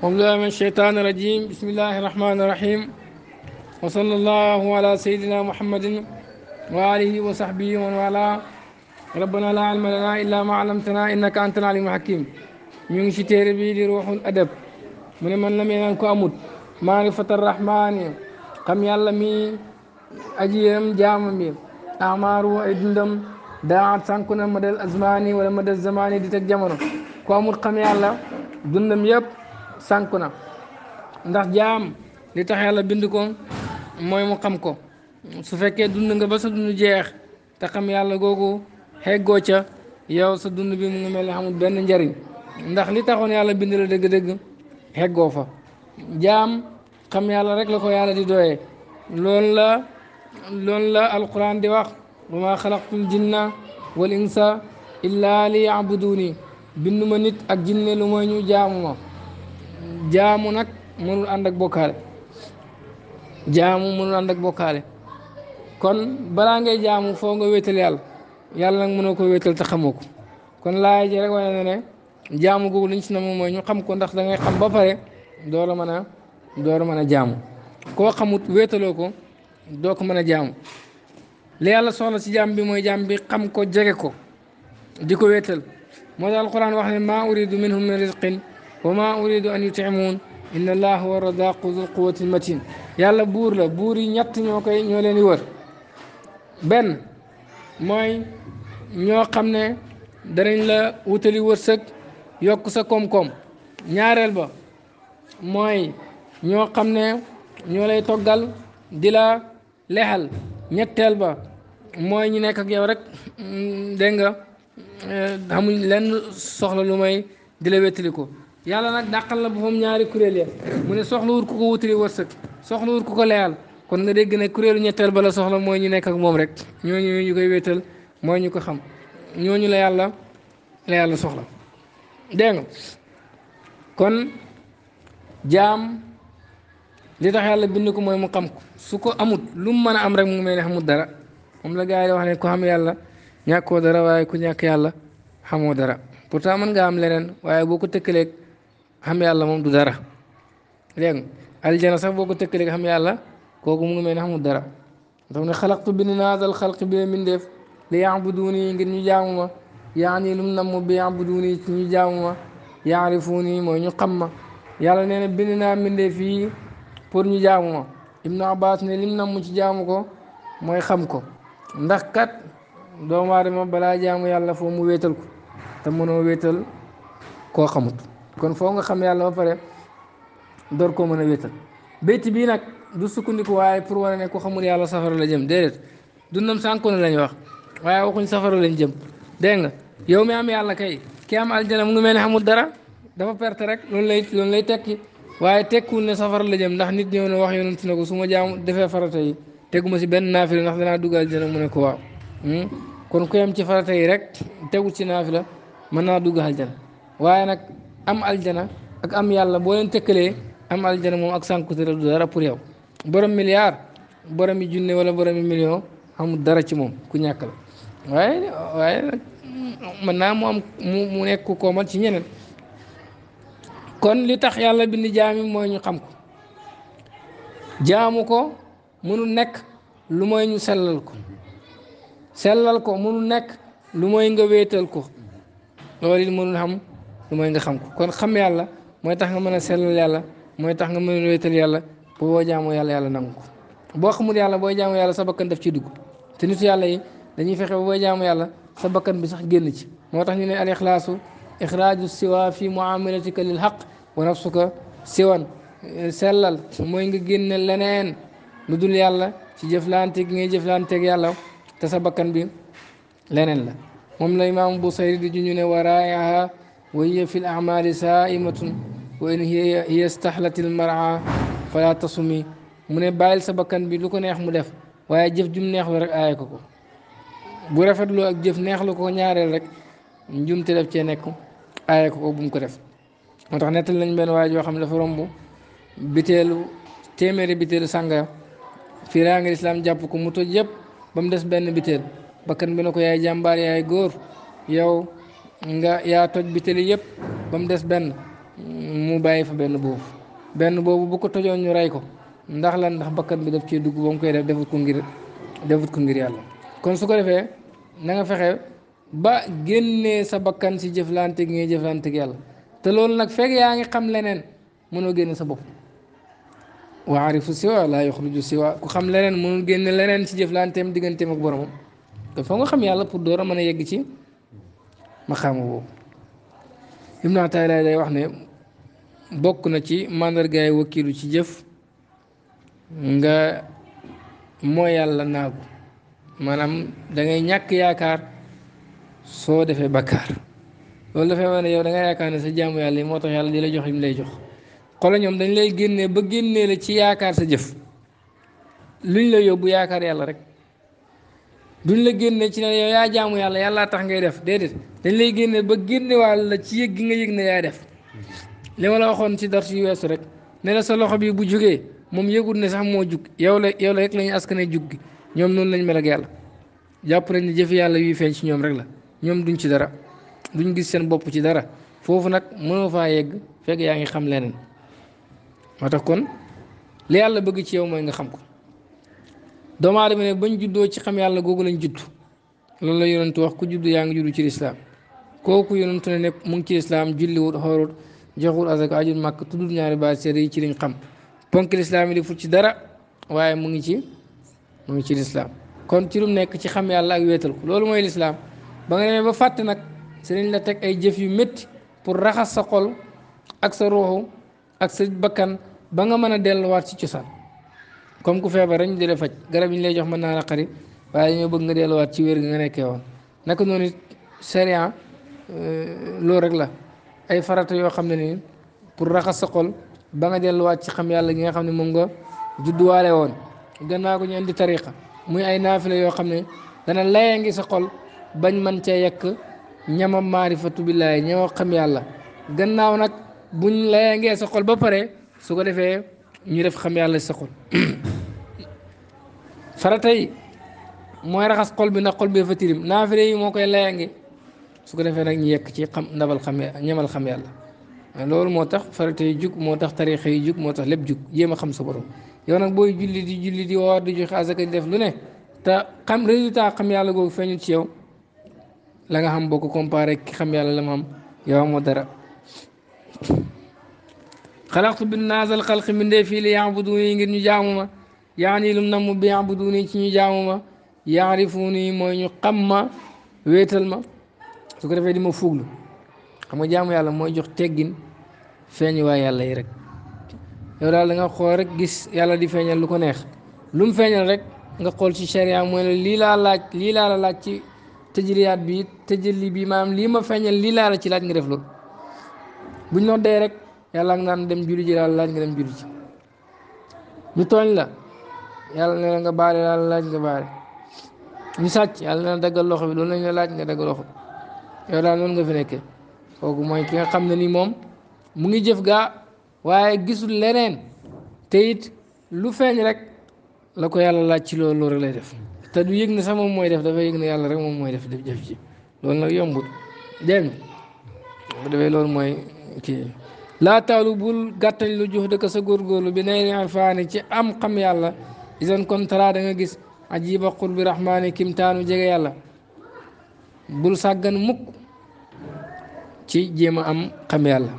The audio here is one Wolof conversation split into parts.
الله من الشيطان الرجيم بسم الله الرحمن الرحيم وصلى الله على سيدنا محمد وآله وصحبه ومن والاه ربنا لا علم لنا إلا ما علمتنا إنك أنت العليم الحكيم من شتير بي لروح الأدب من من لم ينكو أموت معرفة الرحمن قم يعلمي أجيهم جامعي أعمار وإدندم داعات سانكونا مدى الأزماني ولا مدى الزماني ديتك جمعنا قم يعلم دندم يب sànku na ndax jaam li tax yàlla bind ko mooy mu xam ko su fekkee dund nga ba sa dund jeex te xam yàlla googu xeggoo ca yow sa dund bi mu ngi mel ne amul benn njariñ ndax li taxoon yàlla bind la dëgg-dëgg xeggoo fa jaam xam yàlla rek la ko yàlla di doyee loolu la loolu la alquran di wax wa ma xalaqtul jinna wal insa illa li yabuduni binduma nit ak jinne lu mooy ñu jaamu jaamu nag mënul ànd ak bokkaale jaamu mënul ànd bokkaale kon balaa ngay jaamu foo nga wéetal yàlla yàlla nag mënoo ko wéetal te xamoo ko kon laay rek wane na ne jaamu googu liñ si ne moom mooy ñu xam ko ndax da xam ba pare door a mën a door a mën a jaamu koo xamut wéetaloo ko doo ko mën a jaamu li yàlla soxla si jaam bi mooy jaam bi xam ko jege ko di ko wéetal moo tax alquran wax ne maa uridu minhum min rizqin وما أريد أن يطعمون إن الله هو الرزاق ذو القوة المتين yàlla buur la buur yi ñett ñoo koy ñoo leen di wër benn mooy ñoo xam ne danañ la wutali wërsëg yokk sa koom-koom ñaareel ba mooy ñoo xam ne ñoo lay toggal di la lexal ñetteel ba mooy ñu nekk ak yow rek dégg nga xamuñ lenn soxla lu may di la wéttali ko yàlla nag dàqal na boppam ñaari kuréel ya mu ne soxlawut ku ko wutali wërsëg soxlawut ku ko leyal kon nga dégg ne kuréelu ñetteel bala soxla mooy ñu nekk ak moom rek ñooñu ñu koy wéetal mooy ñu ko xam ñooñu la yàlla la yàlla soxla dégg nga kon jaam li tax yàlla bind ko mooy mu xam ko su ko amut lu mu mën a am rek mu mel ne xamut dara moom la gars yi wax ne ku xam yàlla ñàkkoo dara waaye ku ñàkk yàlla xamoo dara pourtant mën nga am leneen waaye boo ko tëkkaleeg xam yàlla moom du dara dégg nga aljana sax boo ko tëkkalee xam yàlla kooku mu ngi mel ne xamul dara dafa ne xalaqtu bind naa dal xalq bi mbindeef li yaabuduuni ngir ñu jaamu ma yaani lum namm bi yaabuduuni ci ñu jaamu ma yaarifuuni mooy ñu xam ma yàlla nee na bind naa mbindeef yi pour ñu jaamu ma ibnu abbas ne lim namm ci jaamu ko mooy xam ko ndax kat doomu aadama balaa jaamu yàlla foo mu wéetal ko te mënoo wéetal koo xamut kon foo nga xam yàlla ba pare door koo mën a wéetal béyti bii nag du sukkandiku waaye pour wane ne ko xamul yàlla safara la jëm déedéet dundam sànku na lañ wax waaye waxuñ safara lañ jëm dégg nga yow mi am yàlla kay ki am aljana mu ngi mel ne xamul dara dafa perte rek loolu lay loolu lay tekki waaye tekkuwul ne safara la jëm ndax nit ñëw na wax yonent na ko su ma jaamu defee farata yi teguma si benn naafila ndax danaa dugg aljana mu ne ko waaw hmm? kon ku yem ci farata yi rek tegu ci naafila mën naa dugg aljana waaye nag am aljana ak am yàlla boo leen tëkkalee am aljana moom ak sànkute du dara pour yow borom milliard borom yi junne wala borom yi million amul dara ci moom ku ñàkk la waaye waaye mm, naa mu am mu nekk ku koomal ci ñeneen kon li tax yàlla bind jaami mooy ñu xam ko jaamu ko mënu nekk lu mooy ñu sellal ko sellal ko mënu nekk lu mooy nga wéetal ko loolu it mënul xam lu mooy nga xam ko kon xam yàlla mooy tax nga mën a sellal yàlla mooy tax nga mën a wéetal yàlla boo jaamu yàlla yàlla nangu ko boo xamul yàlla booy jaamu yàlla sa bakkan daf ci dugg te nitu yàlla yi dañuy fexe ba booy yàlla sa bakkan bi sax génn ci moo ñu ne al ixlaasu ixraaju siwa fi muamalatika lil xaq wa nafsuka siwan sellal mooy nga génne leneen lu dul yàlla ci jëflante gi ngay jëflanteeg yàlla te sa bakkan bi leneen la moom la imaam bu sayri ñu ne waraayaha وهي في الأعمال سائمة وإن هي هي استحلت المرعى فلا تصومي من بايل سبكن بي لوكو نيه مو ديف واي جيف جوم نيه لو رك اي كوكو بو رافت لو نجوم تي ديف تي نيكو اي كوكو بوم كو ديف موتاخ نيتال لنج بن تيميري بيتيلو سانغا في رانغ الاسلام جاب كو موتو جيب بام بكن بنوكو ياي جامبار ياي غور ياو nga yaa toj bitali yëpp ba mu des benn mu bàyyi fa benn boobu benn boobu bu ko tojoon ñu rey ko ndax lan ndax bakkan bi def cee dugg ba mu koy def defut ko ngir yàlla kon su ko defee na nga fexe ba génnee sa bakkan ci jëflante gi ngay jëflante gi yàlla te loolu nag fekk yaa ngi xam leneen mënoo génne sa bopp wa arifu siwa laa yuxruju siwa ku xam leneen mënul génn leneen ci jëflanteem digganteem ak boromam te foo nga xam yàlla pour door a mën a yegg ci maxaama boobu Ibnu Ataay Laay day wax ne bokk na ci màndargaay wakkiilu ci jëf nga mooy yàlla naagu maanaam dangay ñàkk yaakaar soo defee bakkaar loolu dafay wane yow da nga yaakaar ne sa jaamu yàlla yi moo tax yàlla di la jox li mu lay jox xolo ñoom dañ lay génnee ba génnee la ci yaakaar sa jëf luñ la yóbbu yaakaar yàlla rek duñ la génne ci ne yow yaa jaamu yàlla yàllaa tax ngay def déedéet dañ lay génne ba génne wàll la ci yëg gi nga yëg ne yaa def li ma la waxoon ci dars yu weesu rek ne la sa loxo bi bu jógee moom yëgul ne sax moo jug yow la yow la rek la ñu askanee jug gi ñoom noonu lañ mel yàlla jàpp nañ ne jëfi yàlla yuy feeñ ci ñoom rek la ñoom duñ ci dara duñ gis seen bopp ci dara foofu nag mënoo faa yegg fekk yaa ngi xam leneen moo tax kon li yàlla bëgg ci yow mooy nga xam ko doomu aadama ne bañ juddoo ci xam yàlla googu lañ judd loolu la yonentu wax ku judd yaa ngi judd ci lislaam kooku yonentu ne nekk mu ngi ci lislaam julliwut jox joxul asaka ajul màkk tuddul ñaari baat seede yi ci liñ xam ponk lislaam yi di fut ci dara waaye mu ngi ci mu ngi ci lislaam kon ci lu nekk ci xam yàlla ak wéetal ko loolu mooy lislaam ba nga demee ba fàtte nag sëriñ la teg ay jëf yu métti pour raxas sa xol ak sa ruuxu ak sa bakkan ba nga mën a delluwaat ci cosaan comme ku feebar rek ñu di la faj garab yi ñu lay jox mën naa la xarit waaye ñoo bëgg nga delluwaat ci wér gi nga nekkee woon naka noonu euh, loolu rek la ay farata yoo xam ne nii pour raxas sa xol ba nga delluwaat ci xam yàlla gi nga xam ne moom nga judduwaale woon gannaaw ko ñu indi tariqa muy ay naafila yoo xam ne dana laya ngi sa xol bañ man cee yekk ñama maarifatu billaahi ñama xam yàlla gannaaw nag buñ laya ngee sa xol ba pare su ko defee ñu def xam yàlla sa xol farata yi mooy raxas xol bi ndax xol bee fa tilim naafile yi moo koy layange su ko defee nag ñu yekk ci xam ndabal xam ñemal xam yàlla loolu moo tax farata yi jug moo tax tarixa yi jug moo tax lépp jug jéem a xam sa borom yow nag booy julli di julli di woor di joxe asaka di def lu ne te xam résultat xam yàlla googu feeñu ci yow la nga xam boo ko comparé ki xam yàlla la ma am yow amoo dara xalaqtu bin naasal xalqi mbindee fii li yaabuduni ngir ñu jaamu ma yaani lum namm bi yaabuduni ci ñu jaamu ma yaarifuni mooy ñu xam ma wéetal ma su ko defee di ma fuuglu xam nga jaamu yàlla mooy jox teggin feeñ waa yàlla yi rek yow daal da nga xool rek gis yàlla di feeñal lu ko neex lu mu feeñal rek nga xool ci sharia mooy ne lii laa laaj lii laa la laaj ci tëjëliyaat bi tëjëli bi maanaam lii ma feeñal lii laa la ci laaj nga def loolu buñ noddee rek. yàlla ak naan dem julli ji laal laaj nga dem julli ji ñu tooñ la yàlla ne nga baale laal laaj nga baale ñu sàcc yàlla ne la daggal loxo bi loolu lañ la laaj nga daggal daal noonu nga fi nekkee kooku mooy ki nga xam ne ni moom mu ngi jëf gaa waaye gisul leneen te it lu feeñ rek la yàlla laaj ci loolu lay def te du yëg na sax moom mooy def dafa yëg na yàlla rek moom mooy def def jëf ji loolu nag yombut dégg nga defee loolu mooy kii laa taalu bul gàttañ lu jox dëkk sa góor góorlu bi nay alfaani ci am xam yàlla isan kon tara da nga gis ajiba qurbi rahmaani kim taanu jege yàlla bul sàggan mukk ci jéem a am xam yàlla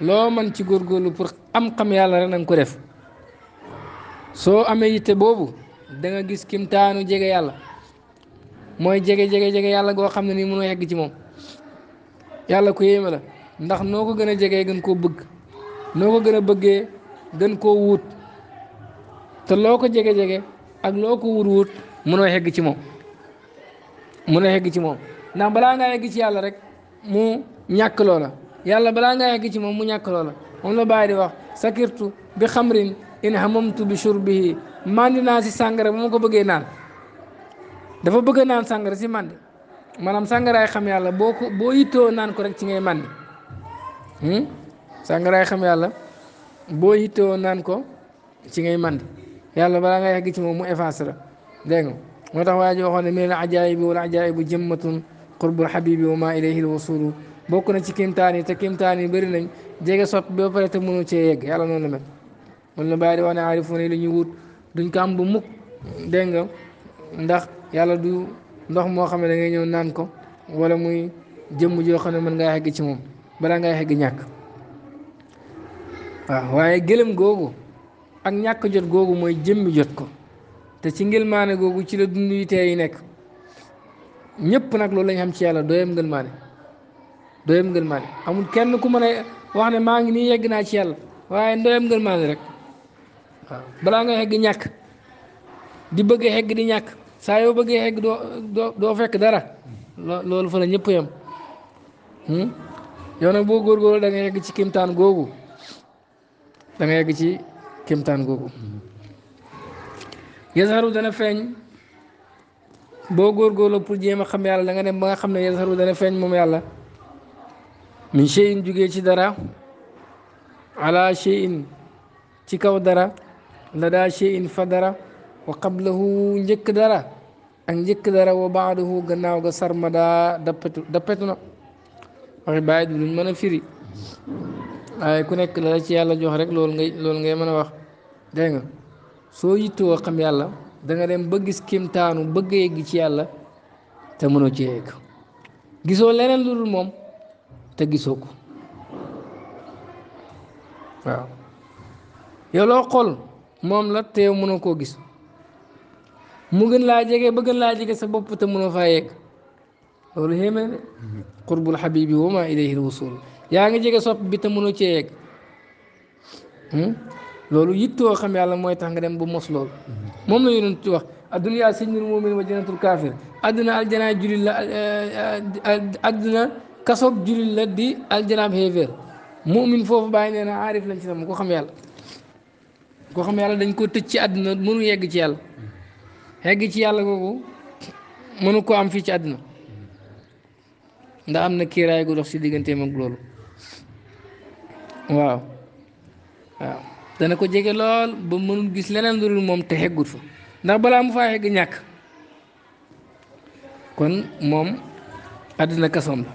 loo man ci góor góorlu pour am xam yàlla rek na ko def soo amee yitte boobu danga gis kim taanu jege yàlla mooy jege jege jege yàlla goo xam ne nii mënoo yegg ci moom yàlla ku yéeme la ndax noo ko gën a jege gën koo bëgg noo ko gën a bëggee gën koo wut te loo ko jege jege ak loo ko wut wut mënoo xegg ci moom mënoo xegg ci moom ndax balaa ngaa yegg ci yàlla rek mu ñàkk loola yàlla balaa nga yegg ci moom mu ñàkk loola moom la bàyyi di wax sakirtu bi xamrin in hamamtu bi shurbihi mandi naa si sàngara ba ko bëggee naan dafa bëgg naan sàngara si mandi maanaam sàngaraay xam yàlla boo ko boo yittoo naan ko rek ci ngay mandi Hmm? sàngaraay xam yàlla boo yittewoo naan ko ci ngay màndi yàlla balaa ngay yegg ci moom mu effacé la dégg moo tax waa ji waxoon ne min al ajaayibi wal ajaayibu jëmmatun qurbul xabibi maa ma ilayhi l wasulu bokk na ci kimtaan yi te kimtaan yi bari nañ jege soppi ba pare te mënu cee yegg yàlla noonu la mel mun na bàyyi di wax ne aarifoon yi li ñuy wut duñ ko am bu mukk dégg nga ndax yàlla du ndox moo xam ne da ngay ñëw naan ko wala muy jëmm joo xam ne mën ngaa yegg ci moom balaa ngay xegg ñàkk waaw waaye gëlëm googu ak ñàkk jot googu mooy jëmmi jot ko te ci ngëlmaane googu ci la dund yi tee nekk ñëpp nag loolu lañ xam ci yàlla dooyam ngëlmaane dooyam amul kenn ku mën a wax ne maa ngi nii yegg naa ci yàlla waaye dooyam ngëlmaane rek waaw balaa ngay xegg ñàkk di bëgg xegg di ñàkk saa yoo bëggee xegg doo doo fekk dara loolu fa la ñëpp yow nag boo góorgóorlu da nga yegg ci kimtaan googu da nga yegg ci kimtaan googu yasaru dana feeñ boo góor góorgóorlu pour jéem a xam yàlla da nga dem ba nga xam ne yasaru dana feeñ moom yàlla min cheyin jugee ci dara ala cheyin ci kaw dara la daa fa dara wa qablahu njëkk dara ak njëkk dara wa baadahu gannaaw ga sarmada dappetu dappetu na waxi bàyyi duñ mën a firi waaye ku nekk la ci yàlla jox rek loolu ngay loolu ngay mën a wax dégg nga soo yittoo xam yàlla danga nga dem ba gis kimtaanu bëgg a ci yàlla te mënoo ci yegg gisoo leneen lu dul moom te gisoo ko waaw yow xool moom la te yow mënoo koo gis mu gën laa jege bëgg gën laa jege sa bopp te mënoo faa لول هيمن قرب الحبيب وما اليه الوصول ياغي جيغي سوب بيت منو تييك لول ييتو خام يالا موي تاخ غا ديم بو موس لول موم لا يونت تي واخ الدنيا سجن المؤمن وجنة الكافر ادنا الجنا جليل لا ادنا كسوب جليل لا دي الجنا هيفر مؤمن فوف باي نينا عارف لا نسي كو خام يالا كو خام يالا دنج كو تيت سي ادنا منو ييغ سي يالا هيغ سي يالا غوغو منو كو ام في سي ادنا ndax am na kiiraay gu dox si digganteem ak loolu waaw dana ko jege lool ba mënul gis leneen lu dul moom te xeggut fa ndax balaa mu faa xegg ñàkk kon moom àddina kasoom la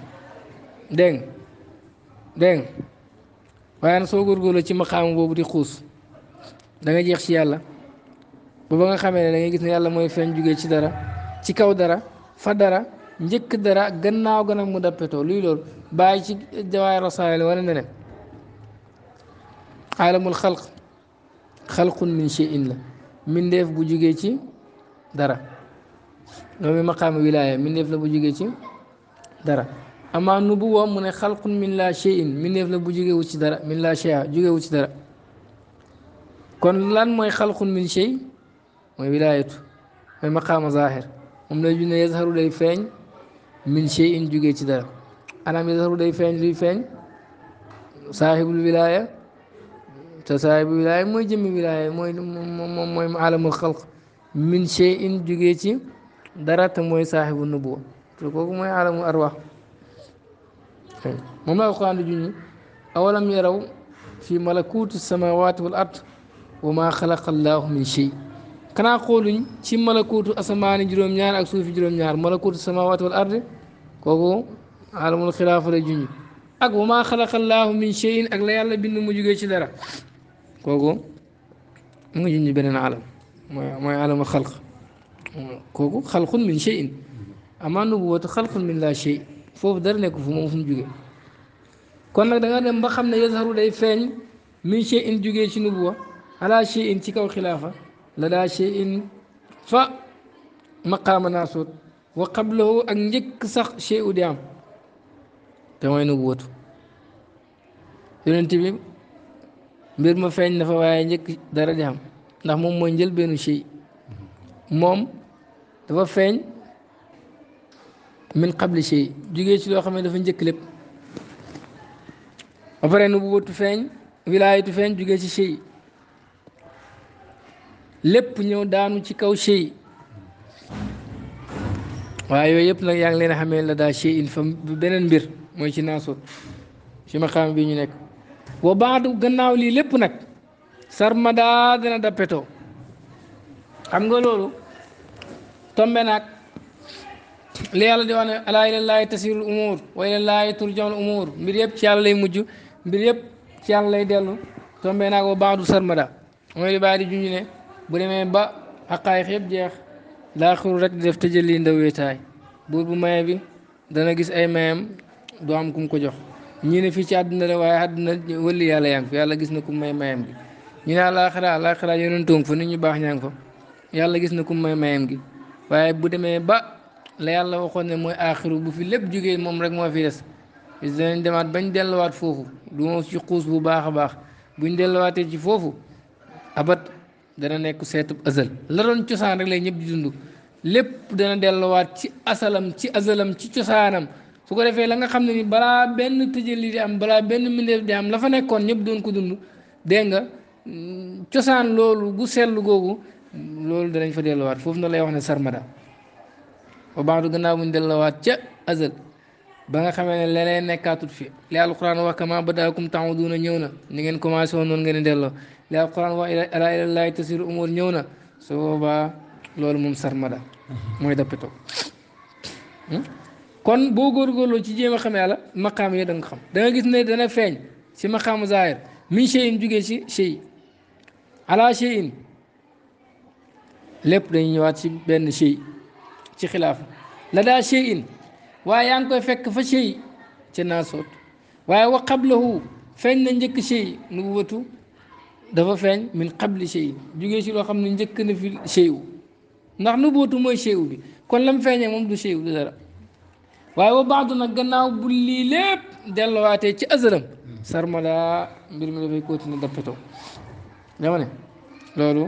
dégg nga dégg nga waaye nag soo góorgóorloo ci maqaam boobu di xuus danga jeex ci yàlla ba nga xamee ne da gis ne yàlla mooy feeñ jugee ci dara ci kaw dara fa dara. njëkk dara gannaaw ganam mu dappetoo luy loolu bàyyi ci jawaay rasaayil wala neneen alamul xalq min cheyin la mindeef bu jugee ci dara loolu maqaama wilaaya mindeef la bu jugee ci dara amaa nubuwa mu ne xalqun min laa la bu jugee ci dara min laa chea ci dara kon lan mooy xalqun min chey mooy wilaayatu mooy maqaama zaahir moom lay junne yazharu day feeñ من شيء جوجي تدا أنا مزهر دي فين دي فين صاحب الولاية تصاحب الولاية مو جمي الولاية مو مو عالم الخلق من شيء جوجي تي درات مو صاحب النبوة تقول مو عالم الأرواح مما القرآن جوني أولم يروا في ملكوت السماوات والأرض وما خلق الله من شيء kanaa xooluñ ci malakuutu asamaani juróom-ñaar ak suufi juróom-ñaar malakuutu samawaati wal arde kooku alamul xilaafa la junj ak wa maa xalaqallaahu min cheyin ak la yàlla bind mu jugee ci dara kooku mu ngi junj beneen alam mooy mooy alamul xalq kooku xalqun min cheyin amaa nubuwatu xalqun min laa chey foofu dara nekk fu moom fu jugee kon nag da nga dem ba xam ne yazharu day feeñ min cheyin jugee ci nubuwa ala ci kaw xilaafa للا شيء ف مقام ناسوت وقبله ان يك سخ شيء ديام تماي نووت يونتي بي مير ما فاج نفا واي نيك دارا ديام ناخ موم مو نجل بينو شيء موم دا فا فاج من قبل شيء جوغي سي لو خامي دا فا نجيك ليب افرن نووت فاج ولايه فاج جوغي سي شيء lépp ñëw daanu ci kaw shay waaye yooyu yëpp nag yaa ngi leen xamee la daa shay in fa beneen mbir mooy ci naasut ci maqaam bi ñu nekk wa baadu gannaaw lii lépp nag sarmada dana dappetoo xam nga loolu tombe naag li yàlla di wax ne alaa ilallaahi tasirul umuur wa ilallaahi turjaul umuur mbir yëpp ci yàlla lay mujj mbir yépp ci yàlla lay dellu tombe naag wa baadu sarmada mooy li bàyyi di junj bu demee ba xaqaay yëpp jeex laaxiru rek di def tëjëli ndaw wéetaay buur bu maye bi dana gis ay mayam doo am kum ko jox ñii ne fii ci àdduna la waaye àdduna wëlli yàlla yaa fa yàlla gis na ku may mayam gi ñu ne àlaaxira àlaaxira yonentoom fa nit ñu baax ñaa ngi yàlla gis na ku may mayam gi waaye bu demee ba la yàlla waxoon ne mooy aaxiru bu fi lépp jógee moom rek moo fi des dinañ demaat bañ delluwaat foofu du ma ci xuus bu baax a baax buñ delluwaatee ci foofu abat dana nekk seetub azal la doon cosaan rek lay ñëpp di dund lépp dana delluwaat ci asalam ci azalam ci cosaanam su ko defee la nga xam ne ni balaa benn tëjali di am balaa benn mbindeef di am la fa nekkoon ñëpp doon ko dund dégg nga mm, cosaan loolu gu seetlu googu loolu danañ fa delluwaat foofu na lay wax ne sarmada ba baax du gannaaw buñ delluwaat ca azal ba nga xamee ne leneen nekkaatut fi li alquran wax kama badaakum taawuduuna ñëw na ni ngeen commencé woon noonu ngeen delloo li alquran wax alaa ilallaahi umur ñëw na su boobaa loolu moom sarmada mooy dappito hmm? kon boo góorgóorloo ci jéem a xam yàlla maqaam yi da xam da gis ne dana feeñ si maqaamu zaahir min cheyin jugee si chey ala cheyin lépp dañuy ñëwaat ci benn chey ci xilaafa la daa cheyin waaye yaa ngi koy fekk fa chey ci naasoot waaye wa qablahu feeñ na njëkk chey nubuwatu دافا فاج من قبل شيء جوغي سي لو خامني نديك نا في شيء ناخ نوبوتو موي شيء بي كون لام فاج موم دو شيء دو دارا واي بعض نا غناو بولي ليب دلواتي تي ازرم سرملا مير مي فاي كوتيني دابتو نيماني لولو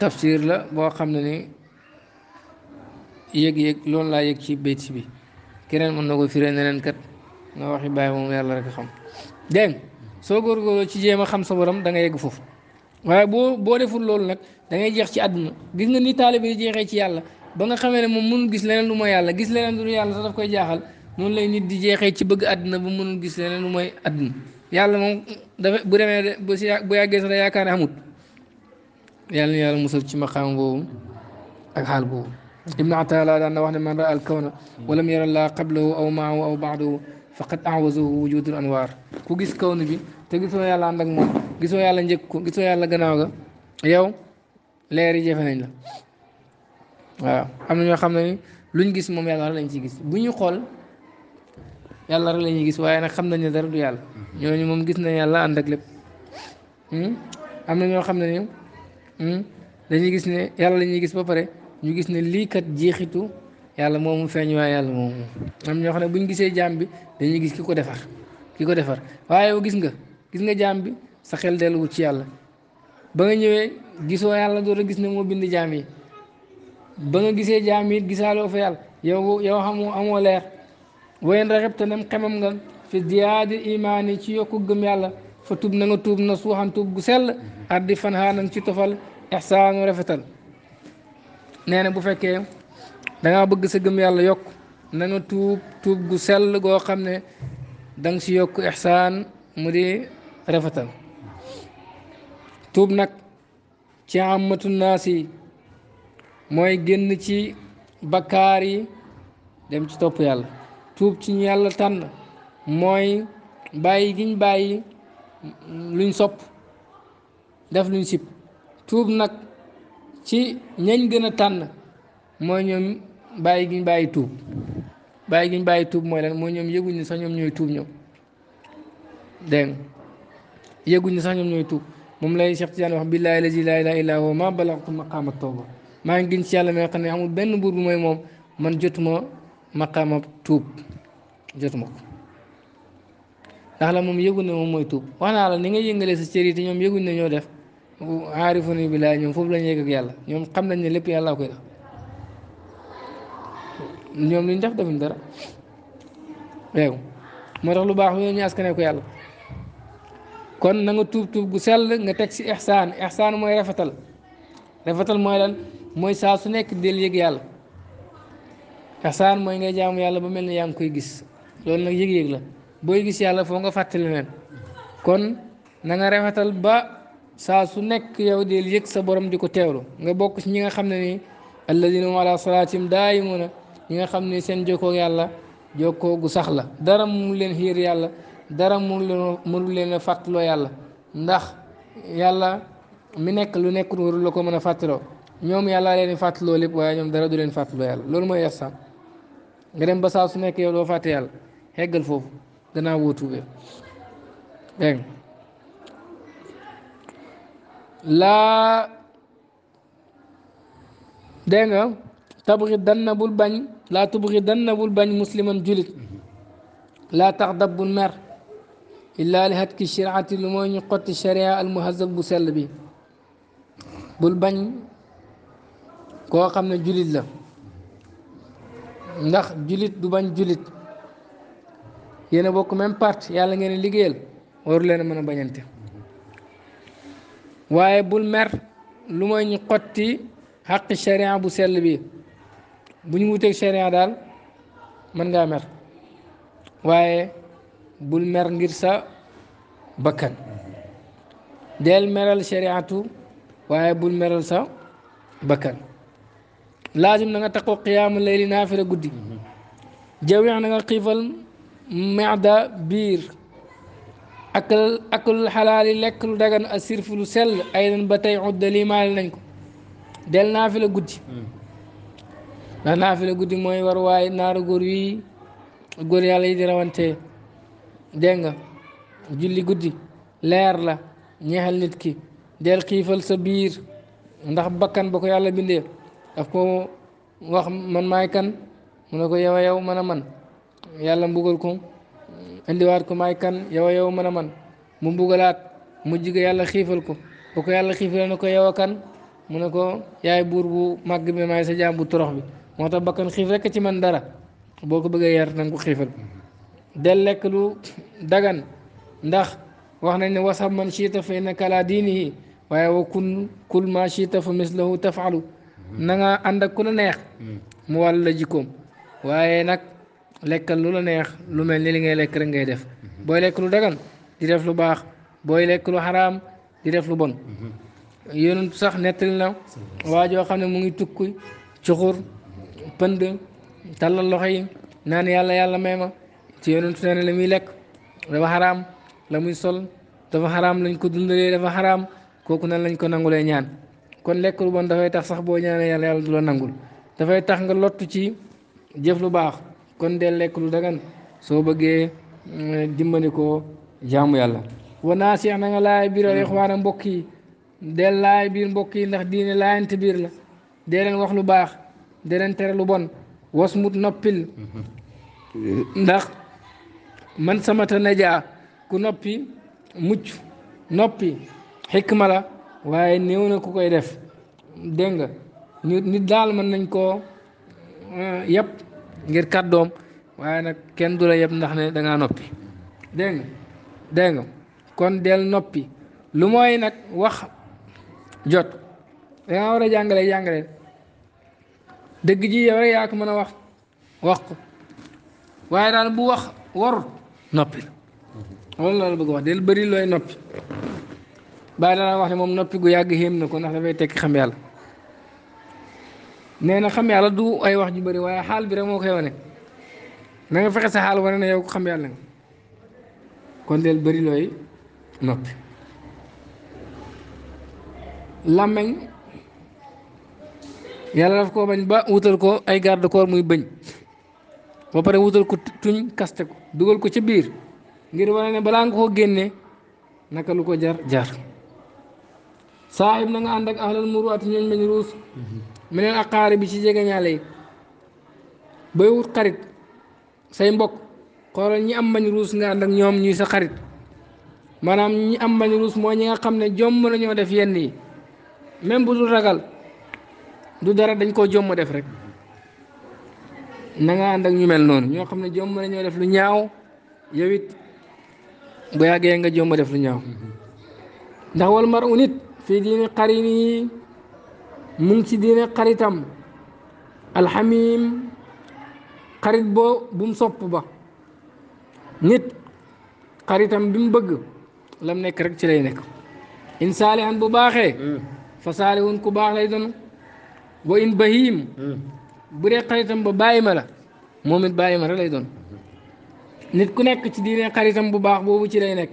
تفسير لا بو خامني ني يك يك لون لا يك سي بيت سي بي كيرن من نكو فيرن نينن كات nga waxi baye mom yalla rek xam deng soo góorgóorloo ci jéem a xam sa borom da nga yegg foofu waaye boo boo deful loolu nag da ngay jeex ci àdduna gis nga ni taalibe yi jeexee ci yàlla ba nga xamee ne moom mënul gis leneen lu mooy yàlla gis leneen lu yàlla sax daf koy jaaxal noonu lay nit di jeexee ci bëgg àdduna ba mënul gis leneen lu mooy àdduna yàlla moom dafa bu demee bu si bu yàggee sax yaakaar amut yàlla na yàlla musal ci maqaam boobu ak xaal boobu ibnu ataala daan na wax ne man raa al kawna walam yara laa qablahu aw maahu aw baadahu faqat enwasahu wujudul anwaar ku gis kaw ni bi te gisoo yàlla ànd ak moom gisoo yàlla njëkk ko gisoo yàlla gannaaw ga yow leer yi jafe nañ la waaw am na ñoo xam ne luñ gis moom yàlla lañ ciy gis bu ñu xool yàlla la ñuy gis waaye nag xam nañ ne dara du yàlla mhm. ñooñu moom yàlla ànd ak lépp hmm? am na ñoo xam ne ni hmm, dañuy gis ne yàlla la gis ba pare ñu gis ne lii jeexitu yàlla moomu feeñ waaye yàlla moomu am ñoo ne buñ gisee jaam bi dañuy gis ki ko defar ki ko defar waaye gis nga gis nga jaam bi sa xel delluwu ci yàlla ba nga ñëwee gisoo yàlla door gis ne moo bind jaam ba nga gisee jaam yi gisaaloo fa yàlla yow yow xamoo amoo leer wayen raxeb te nem xemam nga fi diyaadi imaan yi ci yokku gëm yàlla fa tuub na nga tuub na suuxan tuub gu sell ardi fan xaanan ci tofal ixsaanu rafetal nee bu fekkee danga bëgg sa gëm yàlla yokk na nga tuub tuub gu sell goo xam ne da ci yokk ixsaan mu di rafetal tuub nag ci amatu naas yi mooy génn ci bakkaar yi dem ci topp yàlla tuub ci ñu yàlla tànn mooy bàyyi giñ bàyyi luñ sopp def luñ sib tuub nag ci ñañ gën a tànn mooy ñoom bàyyi gi ñu bàyyi tuub bàyyi gi ñu bàyyi tuub mooy lan mooy ñoom yëguñ ni sax ñoom ñooy tuub ñoom dégg yëguñ ni sax ñoom ñooy tuub moom lay Cheikh Tidiane wax billaahi lazi laa ilaaha illaa huwa maa balagtu maqaama mi xam ne amul benn buur mooy moom man jotuma maqaama tuub jotuma ko ndax la moom moom mooy tuub wax naa la ni nga yëngalee sa cër yi ñoom yëguñ ne ñoo def aarifu ni billaahi ñoom foofu lañ yëg ak yàlla ñoom xam nañ lépp yàlla koy def ñoom lu ñu def defuñ dara réew mo tax lu baax ñu ñu askane ko yalla kon na nga tuub tuub gu sel nga tek ci ihsan ihsan moy rafetal rafetal moy lan moy sa su nek del yeg yalla ihsan moy ngay jaamu yalla ba melni yang koy gis lool nak yeg yeg la boy gis yalla fo nga fatali len kon na nga rafetal ba sa su nek yow del yeg sa borom di tewlu nga bok ci ñi nga xamne ni alladheena ala salatihim daayimuuna ñi nga xam ne seen jokkoo yàlla jokkoo gu sax la dara mu leen xiir yàlla dara mënu leen mënu leen a fàttaloo yàlla ndax yàlla mi nekk lu nekk warul la ko mën a fàttaloo ñoom yàlla leen fàttaloo lépp waaye ñoom dara du leen fàttaloo yàlla loolu mooy ihsaan nga dem ba saa su nekk yow doo fàtte yàlla heggal foofu gannaaw woo tuubee dégg laa dégg nga dan na bul bañ لا تبغضن البني مسلم جلت لا تغضب النار الا لهتك الشرعه لمن قط الشريعه المهذب بسلبي بول بان كو خامن جوليت لا ناخ دو بان جوليت يينا بوك ميم بارت يالا نين ليغيال وور لين مانا بانانت واي بول مير لو موي حق الشريعه بو سلبي bu ñu wuteeg sharia daal mën ngaa mer waaye bul mer ngir sa bakkan del meral shariatu waaye bul meral sa bakkan laazim naga nga taqoo qiyaamu layli naafila guddi jaweex na nga xiifal maada biir akal akul xalaali lekk lu dagan a sirf lu ba tey udda limaale nañ ko del naafila guddi ndax naafila guddi mooy war waaye naaru góor yi góor yàlla yi di rawante dégg julli guddi leer la ñeexal nit ki del xiifal sa biir ndax bakkan ba ko yàlla bindee daf ko wax man maay kan mu ne ko yow a yow mën a man yàlla mbugal ko indiwaat ko maay yow yow mën a man mu mbugalaat mu jiga yàlla xiifal ko ba yàlla xiifal ne ko yow a kan mu ne ko yaay buur bu màgg bi maay sa bu torox bi moo tax bakkan xiif rek ci man dara boo ko bëggee yar na nga ko xiifal del lekk lu dagan ndax wax nañ ne wasam man chiita fa innaka ala diinihi waaye wa kun kul ma chiita fa mislahu tafalu na nga ànd ak ku neex mu wàll la jikkoom waaye nag lekkal lu la neex lu mel ni li ngay lekk rek ngay def booy lekk lu dagan di def lu baax booy lekk lu xaraam di def lu bon mhm. yonent sax nettali na xam ne mu ngi tukki cuxur pënd tàllal loxo yi naan yàlla yàlla may ma ci yonentu nee na la muy lekk dafa xaraam la muy sol dafa xaram lañ ko dundalee dafa xaram kooku na lañ ko nangulee ñaan kon lekk lu bon dafay tax sax boo ñaanee yàlla yàlla du la nangul dafay tax nga lottu ci jëf lu baax kon dee lekk lu dagan soo bëggee eh, dimbali ko jaamu yàlla wanaa seex na nga laay biiral ixwaana mbokk yi del laay biir mbokk ndax diine laayante biir la dee leen wax lu baax di leen tere lu bon was mut noppil ndax man samata najaa ku noppi mucc noppi xikma la waaye néew na ku koy def dégg nga ñu nit daal mën nañ koo eh, yëpp ngir kàddoom waaye nag kenn du la yëpp ndax ne da noppi dégg nga kon del noppi lu mooy nag wax jot da ngaa war a jàngale jàngale dëgg ji yow rek yaa a wax wax ko waaye daal bu wax warut noppi loolu la bëgg wax del bëri looy noppi bàyyi dana wax ne moom noppi gu yàgg xéem na ko ndax dafay tekki xam yàlla nee na xam yàlla du ay wax ju bëri waaye xaal bi rek moo koy wane na fexe sa xaal wane na yow ko xam yàlla kon del bëri looy noppi làmmeñ yàlla daf koo bañ ba wutal ko ay garde corps muy bañ ba pare wutal ko tuñ kaste ko dugal ko ci biir ngir wane ne nga koo génne naka lu ko jar jar sahib na nga ànd ak ahlal muru ati ñooñ bañ ruus mm-hmm. meneen ak bi ci jegeñaale yi bay wut xarit say mbokk xoolal ñi am bañ ruus nga ànd ak ñoom ñuy sa xarit maanaam ñi am bañ ruus mooy ñi nga xam ne jomb def yenn yi même bu dul ragal du dara dañ ko jom def rek na nga and ak ñu mel non ño xamne jom jomm ñoo def lu ñaaw yewit bu yàggee nga jom def lu ñaaw ndax wal mar unit, nit fii diine xarini mu ngi ci diine xaritam alxamim qarit bo bu mu sopp ba nit qaritam bi mu bëgg lam nek rek ci lay nek in bu baxé mm. fa salihun ku bax lay doon wa in bahim hmm. bu dee xaritam ba bàyyi ma la moom it bàyyi ma lay doon hmm. nit ku nekk ci diine xaritam bu baax boobu ci lay nekk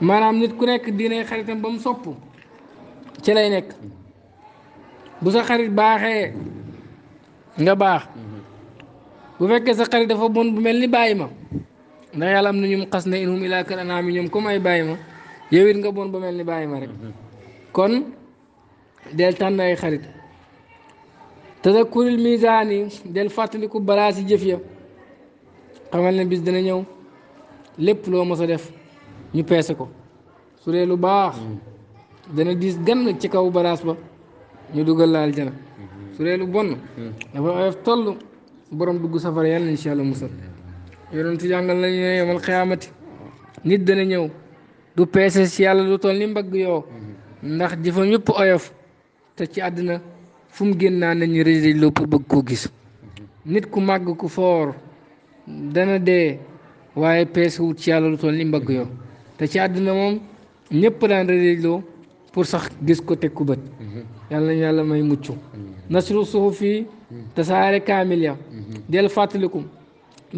maanaam nit ku nekk diine xaritam ba mu sopp ci lay nekk hmm. bu sa xarit baaxee nga baax bu fekkee sa xarit dafa bon bu mel ni bàyyi ma ndax yàlla am na ñu mu xas ne inhum ilaa kal anaami ñoom comme ay bàyyi ma nga bon ba mel ni bàyyi rek kon دلتا ناي خريط تذكر الميزاني دل فاتني كو براسي جيفيا خمالنا بيس دنا نيو لب لو مسا ديف ني بيسكو سوري لو باخ دنا ديس غن تي كاو براس با ني دوغال لال جنا سوري لو بون دا فا اف تولو بروم دوغ سفر يال ان شاء الله مسا يونت جانغال لا ني يوم القيامه نيت دنا نيو دو بيسس يالا دو تول ني مبغ يو ndax jëfam yëpp oyof te ci àddina fu mu génnaa nañu réseau pour bëgg koo gis nit ku màgg ku foor dana dee waaye peese wut ci yàlla lu toll ni mbagg yoo te ci àddina moom ñëpp daan réseau pour sax gis ko teg ku bët yàlla nañu yàlla may mucc nasru suuf fii tasaare kaamil ya del fàttaliku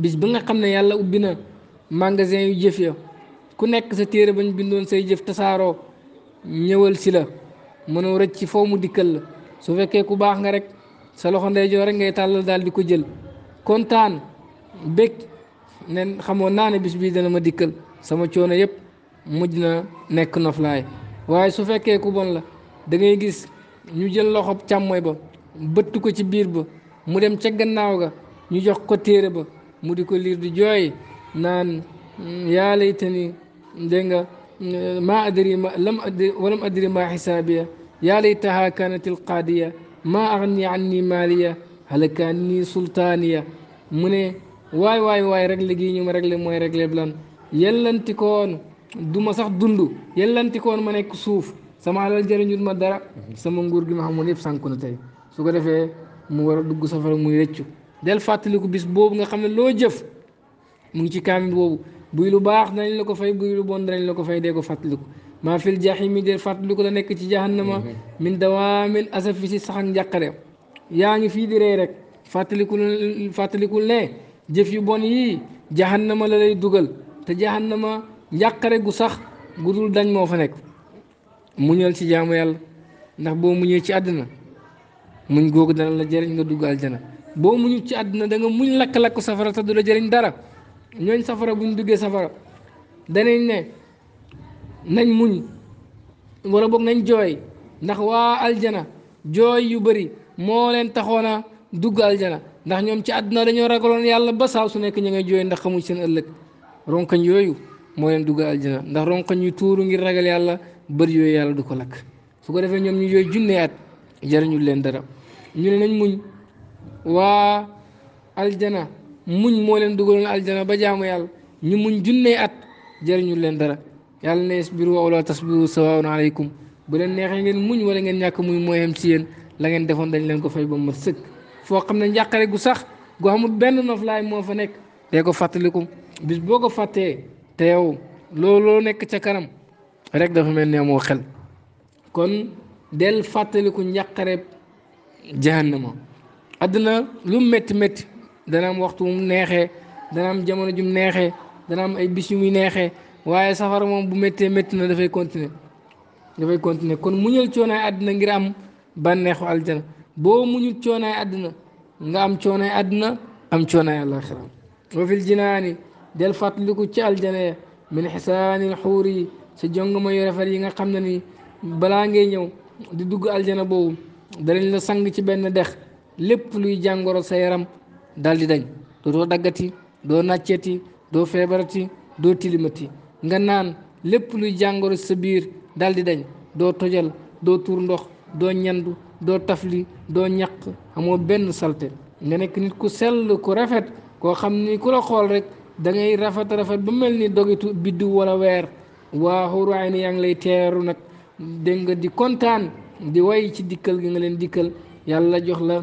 bis bi nga xam ne yàlla ubbi na magasin yu jëf ya ku nekk sa téere bañ bindoon say jëf tasaaroo ñëwal si la mën mënoo rëcc foo mu dikkal la su fekkee ku baax nga rek sa loxo ndeyjoor rek ngay tàllal daal di ko jël kontaan bég ne xamoo naa ne bis bii dana ma dikkal sama coono yëpp mujj na nekk noflaay waaye su fekkee ku bon la dangay gis ñu jël loxo càmmoy ba bëtt ko ci biir ba mu dem ca gannaaw ga ñu jox ko téere ba mu di ko liir di jooy naan mm, yaa laytani dégg nga mm, ma ma lam adri walam adri xisaabiya yaa laytaha kanat alqaadiya maa agni anni maaliya halaka anni sultaaniya mu ne waay waay waay réglé gii ñu ma réglé mooy réglé lan yellanti koon du ma sax dund yellanti koon ma nekk suuf sama alal jëriñut ma dara sama nguur gi ma xamoon yëpp sànku na su ko defee mu war a dugg safara muy rëccu del fàttaliku bis boobu nga xam ne loo jëf mu ngi ci kaamil boobu buy lu baax danañ la ko fay buy lu bon danañ la ko fay dee ko fàttaliku maa fil jaximi de fàttali ko la nekk ci jahannama mhm. min dawaamil asafi si sax ak njàqare yaa ngi fii di rey rek fàttalikul fàttalikul ne jëf yu bon yii jahannama la lay dugal te jahannama njàqare gu sax gu dul dañ moo fa nekk muñal ci jaamu yàlla ndax boo muñee ci àddina muñ googu dana la jëriñ nga dugg aljana boo muñu ci àddina da nga muñ lakk-lakk safara te du la jëriñ dara ñooñ safara buñ duggee safara danañ ne nañ muñ wala boog nañ jooy ndax waa aljana jooy yu bari moo leen taxoona dugg aljana ndax ñoom ci àdduna dañoo ragaloon yàlla ba saa su nekk ñu ngay jooy ndax xamuñ seen ëllëg ronkañ yooyu moo leen dugg aljana ndax ronkañ yu tuuru ragal yàlla bëri yooyu yàlla du ko lakk su ko defee ñoom ñu yooyu junne at jariñul leen dara ñu ne nañ muñ waa aljana muñ moo leen dugaloon aljana ba jaamu yàlla ñu muñ junne at jariñu leen dara yàlla ne isbiru aw laa tasbiru sawaun aleykum bu leen neexee ngeen muñ wala ngeen ñàkk muy mooyam ci yéen la ngeen defoon dañ leen ko fay ba mat sëkk foo xam ne njàqare gu sax gu amul benn noflaay moo fa nekk dee ko fàttaliku bis boo ko fàttee te yow looloo nekk ca kanam rek dafa mel ne amoo xel kon del fàttaliku njàqare jahannama àdduna lu métti métti dana am waxtu mu neexee dana am jamono jum neexee dana am ay bis neexee waaye safara moom bu méttee métti na dafay continuer dafay continuer kon muñal coonaay àddina ngir am bànneexu aljana boo muñul coonaay àddina nga am coonaay àddina am coonaay àllaaxira wa fil jinaani del fàttaliku ci aljana ya min xisaanil xuur yi sa jongama yu rafet yi nga xam ne ni balaa ngay ñëw di dugg aljana boobu danañ la sang ci benn dex lépp luy jàngoro sa yaram dal di dañ dootoo daggati doo nàcceti doo feebarati doo tilimati nga naan lépp luy jàngoro sa biir dal di dañ doo tojal doo tuur ndox doo ñandu doo tafli doo ñaq amoo benn salte nga nekk nit ku sell ku rafet koo xam ni ku la xool rek da ngay rafet rafet ba mel ni dogitu bidd wala weer waa xuru ay ni yaa ngi lay teeru nag dégg nga di kontaan di way ci dikkal gi nga leen dikkal yàlla jox la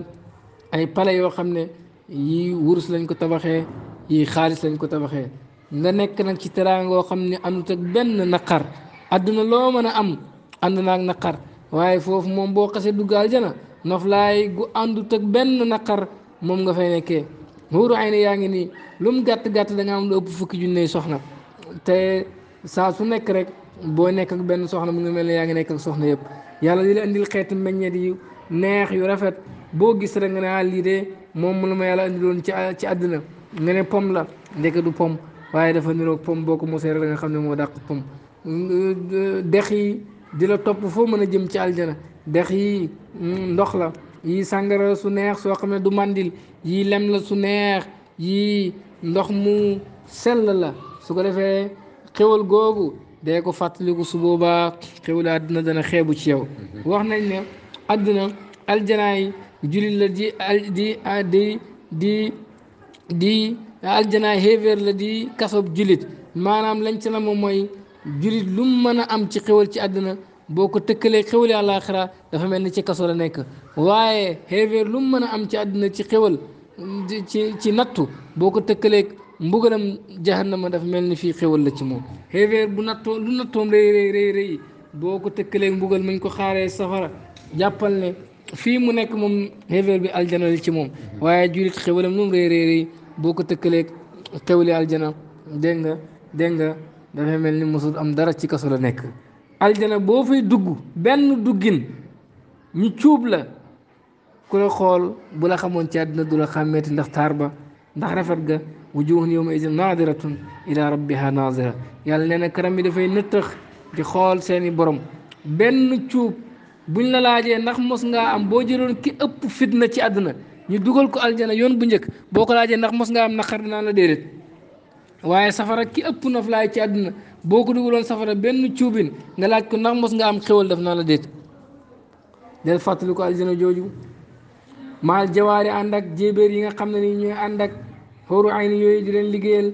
ay pale yoo xam ne yii wurus lañ ko tabaxee yii xaalis lañ ko tabaxee nga nekk nag ci teraangoo xam ne amut ak benn naqar àdduna loo mën a am ànd ak naqar waaye foofu moom boo xasee dugg aljana noflaay gu àndut ak benn naqar moom nga fay nekkee xuuru ay na yaa ngi nii lu mu gàtt gàtt da am lu ëpp fukki junne soxna te saa su nekk rek boo nekk ak benn soxna mu ngi mel ne yaa ngi nekk ak soxna yëpp yàlla di la indil xeeti meññeet yu neex yu rafet boo gis rek nga ne ah lii de moom mu la ma yàlla indiloon ci ci àddina nga ne pom la ndeke du pom. waaye dafa niroog pom boo ko mosee rek da nga xam ne moo dàq pom dex yi di la topp foo mën a jëm ci aljana dex yi mm, ndox la yi sàngara su neex soo xam ne du màndil yii lem la su neex yii ndox mu sell la su ko defee xéwal googu dee ko fàttaliku su boobaa xéwal àddina dana xeebu ci yow wax nañ ne àddina aljana yi jullit la di di di aljanaa xéeféer la di kasob julit maanaam lañ ca la moom mooy julit lu mu mën a am ci xéwal ci àddina boo ko tëkkalee xéwali àllaaxira dafa mel ni ci kaso la nekk waaye xéeféer lu mu mën a am ci àddina ci xéwal ci ci nattu boo ko tëkkalee mbugalam jahannama dafa mel ni fii xéwal la ci moom xéeféer bu nattoo nattoom rëy rëy rëy boo ko tëkkalee mbugal mañ ko xaaree safara jàppal ne fii mu nekk moom xéeféer bi aljana la ci moom waaye julit xéwalam lu mu rëy rëy rëy boo ko tëkkalee xewli aljana dégg nga nga dafay mel ni mosul am dara ci kaso la nekk aljana boo fay dugg benn duggin ñu cuub la ku la xool bu la xamoon ci àddina du la xàmmeeti ndax taar ba ndax rafet ga wujuhun yawma idin naadiratun ila rabbiha naazira yàlla nee na karam bi dafay nëttëx di xool seeni borom benn cuub buñ la laajee ndax mos ngaa am boo jëloon ki ëpp fitna ci àddina ñu dugal ko aljana yoon bu njëkk boo ko laajee ndax mos nga am naqar naan la déedéet waaye safara ki ëpp noflaay ci àdduna boo ko dugaloon safara benn cuubin nga laaj ko ndax mos nga am xéwal def naa la déet del fàttali ko aljana jooju maal jawaari ànd ak jéebéer yi nga xam ne ni ñooy ànd ak xóoru ay ni yooyu di leen liggéeyal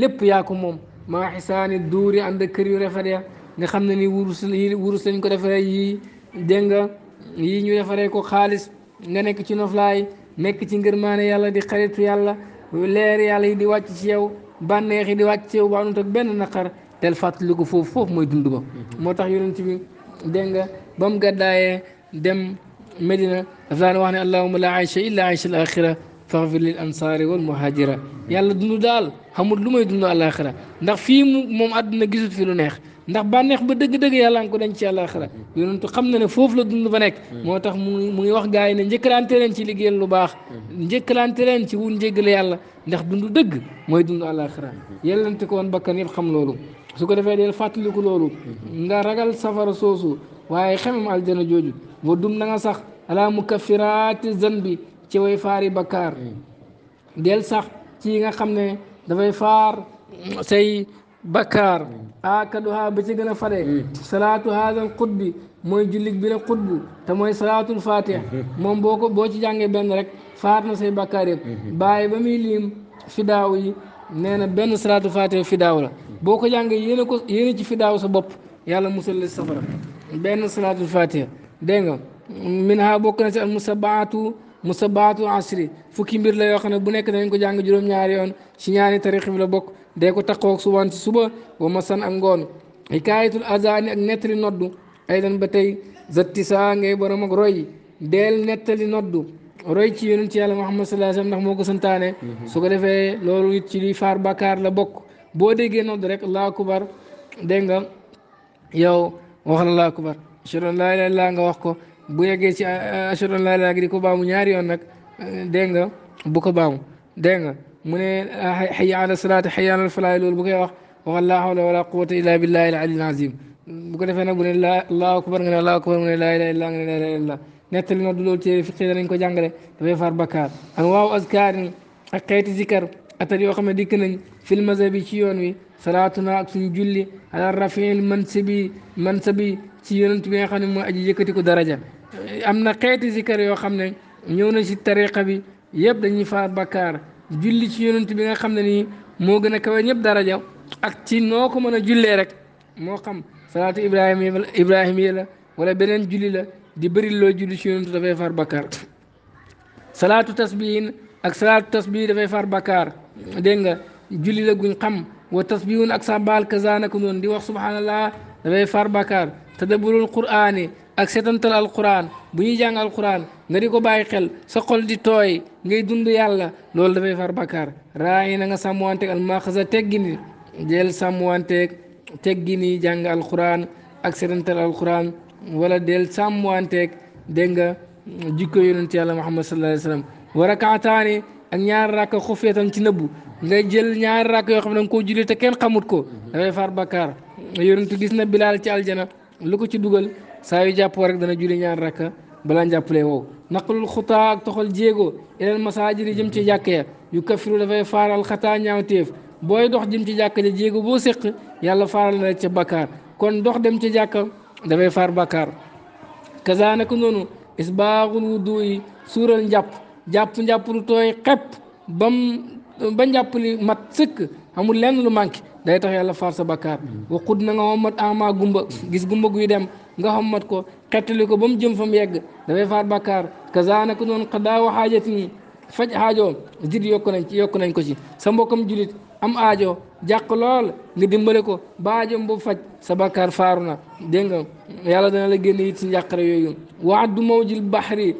lépp yaa ko moom maa xisaani duuri ànd ak kër yu rafet ya nga xam ne ni wurus yi wurus lañ ko defaree yi dégg nga yi ñu defaree ko xaalis nga nekk ci noflaay nek ci ngeur ngërmaane yàlla di xaritu yàlla leer yàlla yi di wàcc ci yow bànneex di wàcc ci yow ba anut ak nakar naqar fatlu ko foofu foofu moy dundu ba motax yoonent bi denga bam ba dem Medina daf daan wax ne allahuma la aisha illa aisha al axira faxfir lil ansaari wal muhajira yàlla dundu dal xamul lumay dundu dund alaxira ndax fi mom aduna gisut fi lu neex ndax bànneex ba dëgg-dëgg yàlla nga ko denc ci àllaaxira mm-hmm. yonentu xam na ne foofu la dund ba nekk mm-hmm. moo tax mu mu ngi wax gars yi ne njëkkalante leen ci liggéeyal lu baax mm-hmm. njëkkalante leen ci wun njéggal yàlla ndax dund dëgg mooy dund àllaaxira yellante ko woon bakkan yëpp xam loolu su ko defee del fàttaliku loolu nga ragal safara soosu waaye xemam aljana jooju ba dum na nga sax ala mukaffiraati zanbi ci way faari bakkaar del sax ci nga xam ne dafay faar say Bakkaar aakaduha ba ci gën a fare hmm. salaatu haadal xutbi mooy jullit bi la xutbu te mooy salaatul faatiha hmm. moom boo ko boo ci jàngee benn rek faat na say bakkaar yëpp hmm. bàyyi ba muy liim fidaaw yi nee na benn salaatul faatiha fidaaw la boo ko jàngee yéene ko yéene ci fidaaw sa bopp yàlla musal la safara benn salaatul faatiha dégg nga min bokk na ci musabaatu asri fukki mbir la yoo xam ne bu nekk danañ ko jàng juróom-ñaari yoon ci ñaari tarix bi la bokk dee ko taqoog suban ci suba wa masan ak ngoon hikaayatul azaani ak nettali noddu ay dan ba tey zatti saa ngay borom ak roy deel nettali noddu roy ci yonent yàlla muhammad sallallahu alayhi wasallam ndax moo ko santaane mhm. su ko defee loolu it ci li faar bàkkaar la bokk boo déggee nodd rek allahu akbar dégg nga yow wax la allahu akbar ashhadu an laa ilaaha illallaah nga wax ko bu yeggee ci a eh, an laa ilaaha illallaah di ko baamu ñaari yoon nag eh, dégg nga bu ko baamu dégg nga mu ne eh, hayya ala salaati hayya ala falaahi loolu bu koy wax waxal laa hawla wala quwwata illaa billaahil aliyyil aziim ko defee nag bu ne laa ilaaha illallaah laa ilaaha illallaah nettali na du loolu téere fiqi danañ ko jàngale dafay far bakkaar an waaw azkaarin ak xeeti zikar atal yoo xam ne dikk nañ fil mazhabi ci yoon wi salaatuna ak suñu julli ala rafiil mansabi mansabi ci yonent bi nga xam ne mooy aji yëkkati ko daraja امنا قيتي زكريا يو خامن نيو نسي الطريقه بي ييب داني فا بكار جولي سي يونت بيغا خامن ني مو غنا كاو نيب درجه اك تي نوكو مانا جولي رك مو خام صلاه ابراهيم ابراهيم يلا ولا بنين جولي لا دي بري لو جولي سي يونت دافاي فار بكار صلاه تسبيحين اك صلاه تسبيح دافاي فار بكار دينغا جولي لا غن خام وتسبيحون اك سبال كزانكم دي واخ سبحان الله دافاي فار بكار تدبر القران ak setantal alquran bu ñuy jàng alquran nga di ko bàyyi xel sa xol di tooy ngay dund yàlla loolu dafay far bakkaar raay na nga sàmmanteeg almaxasa teggini jël sàmmanteeg teggini jàng alquran ak setantal alquran wala del sàmmanteeg dégg nga jikko yonent yàlla muhammad sallallahu alayhi wa sallam wa rakaataani ak ñaari rakk xufeetan ci nëbbu nga jël ñaari rakk yoo xam ne da nga koo julli te kenn xamut ko dafay far bakkaar yonent gis na bilaal ci aljana lu ko ci dugal. saa yu jàppoo rek dana julli ñaar rakka balaa njàppalee wow naqalul xutaa ak toxal jéego ilal masaajidi jëm ci jàkk ya yu kafiru dafay faaral xataa ñaawteef booy dox jëm ci jàkk jéego boo séq yàlla faaral na ca bakkaar kon dox dem ci jàkka dafay faar bakkaar kaza naka noonu isbaaxul wuddu yi suural njàpp jàpp njàpp lu tooy xepp ba njàpp li mat sëkk amul lenn lu manqué day tax yàlla far sa bakkaar waxut na nga xommat ama gumba gis gumba guy dem nga xommat ko xettali ko ba mu jëm fa mu yegg dafay faar bakkaar kazaana ko noonu xadaawa xaajatin faj aajo zid yokk nañ ci yokk nañ ko ci sa mbokkam julit am aajo jàq lool nga dimbale ko ba aajoom boobu faj sa bakkaar faaru na dégg nga yàlla dana la génne it si a yooyu waaddu mawjil baxri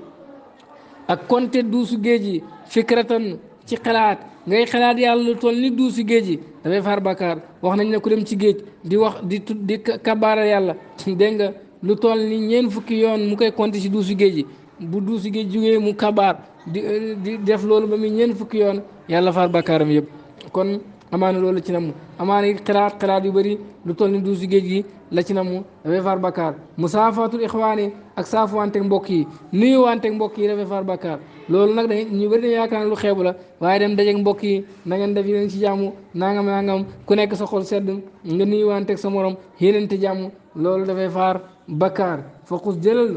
ak konte duusu géej yi fikratan ci xalaat ngay xalaat yàlla toll ni duusu géej dafay far bàkkaar wax nañ ne ku dem ci géej di wax di tud di kabaara yàlla dégg nga lu toll ni ñeen fukki yoon mu koy compter si duusu géej yi bu duusu géej jógee mu kabaar di di def loolu ba muy ñeen fukki yoon yàlla far bàkkaaram yëpp kon amaana loolu la ci namu amaana it xalaat xalaat yu bëri lu toll ni duusi géej gi la ci namu dafay far bakkaar musaafatul ixwaane ak saafu wanteeg mbokk yi nuyu wanteek mbokk yi dafay far loolu nag ñu bëri dañ lu xeebu la waaye dem dajeeg mbokk yi na ngeen def yéen ci jàmm nangam nangam ku nekk sa xool sedd nga nuyu wanteek sa morom yéenante jàmm loolu dafay faar bakkaar faqus jëlal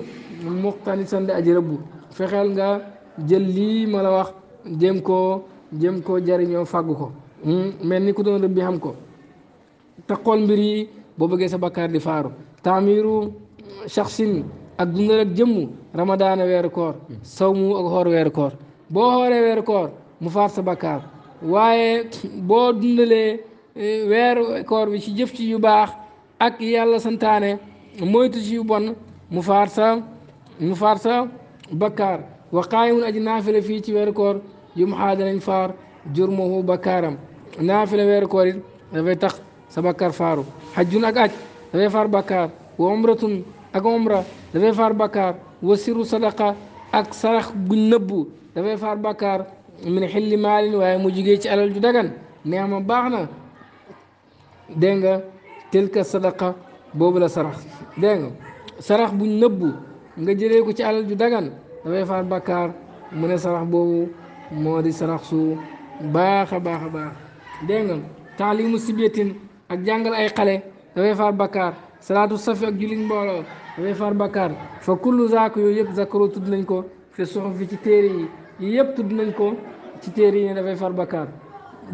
muqtani sandi aji rëbbu fexeel nga jël lii ma la wax jéem koo jëm koo jariñoo fag ko Hmm? mel ni ku doon rëbbi xam ko te mbir yi boo bëggee sa bakkaar di faaru taamiru shaxsin ak dundal ak jëmm ramadaana weeru koor saw mu ak xoor weeru koor boo xooree weeru koor mu faar sa bakkaar waaye boo dundalee eh, weeru koor bi ci jëf ci yu baax ak yàlla santaane bon mu faar sa mu faar sa bakkaar wa qaayimun fii ci weeru koor yu mu xaadanañ faar bakkaaram نافل وير كورين دافاي تخ سبكار فارو حجنا قاج دافاي فار بكار وعمره اك عمره دافاي فار بكار وسير صدقه اك سرخ غنبو دافاي فار بكار من حل مال واي موجيجي تي علال جدغان نياما باخنا دنگا تلك صدقه بوبلا لا سرخ دنگا سرخ بو نبو نغا جيري كو تي علال جدغان دافاي فار بكار من سرخ بوبو مودي سرخ سو باخا باخا باخا dégg nga taalimu sibiyatin ak jàngal ay xale dafay far bakkaar salaatu safi ak jullit mbooloo dafay far bakkaar fa kullu zaak yooyu yëpp zakaroo tudd nañ ko fi suxuf fi ci téere yi yii yëpp tudd nañ ko ci téere yi ne dafay far bakkaar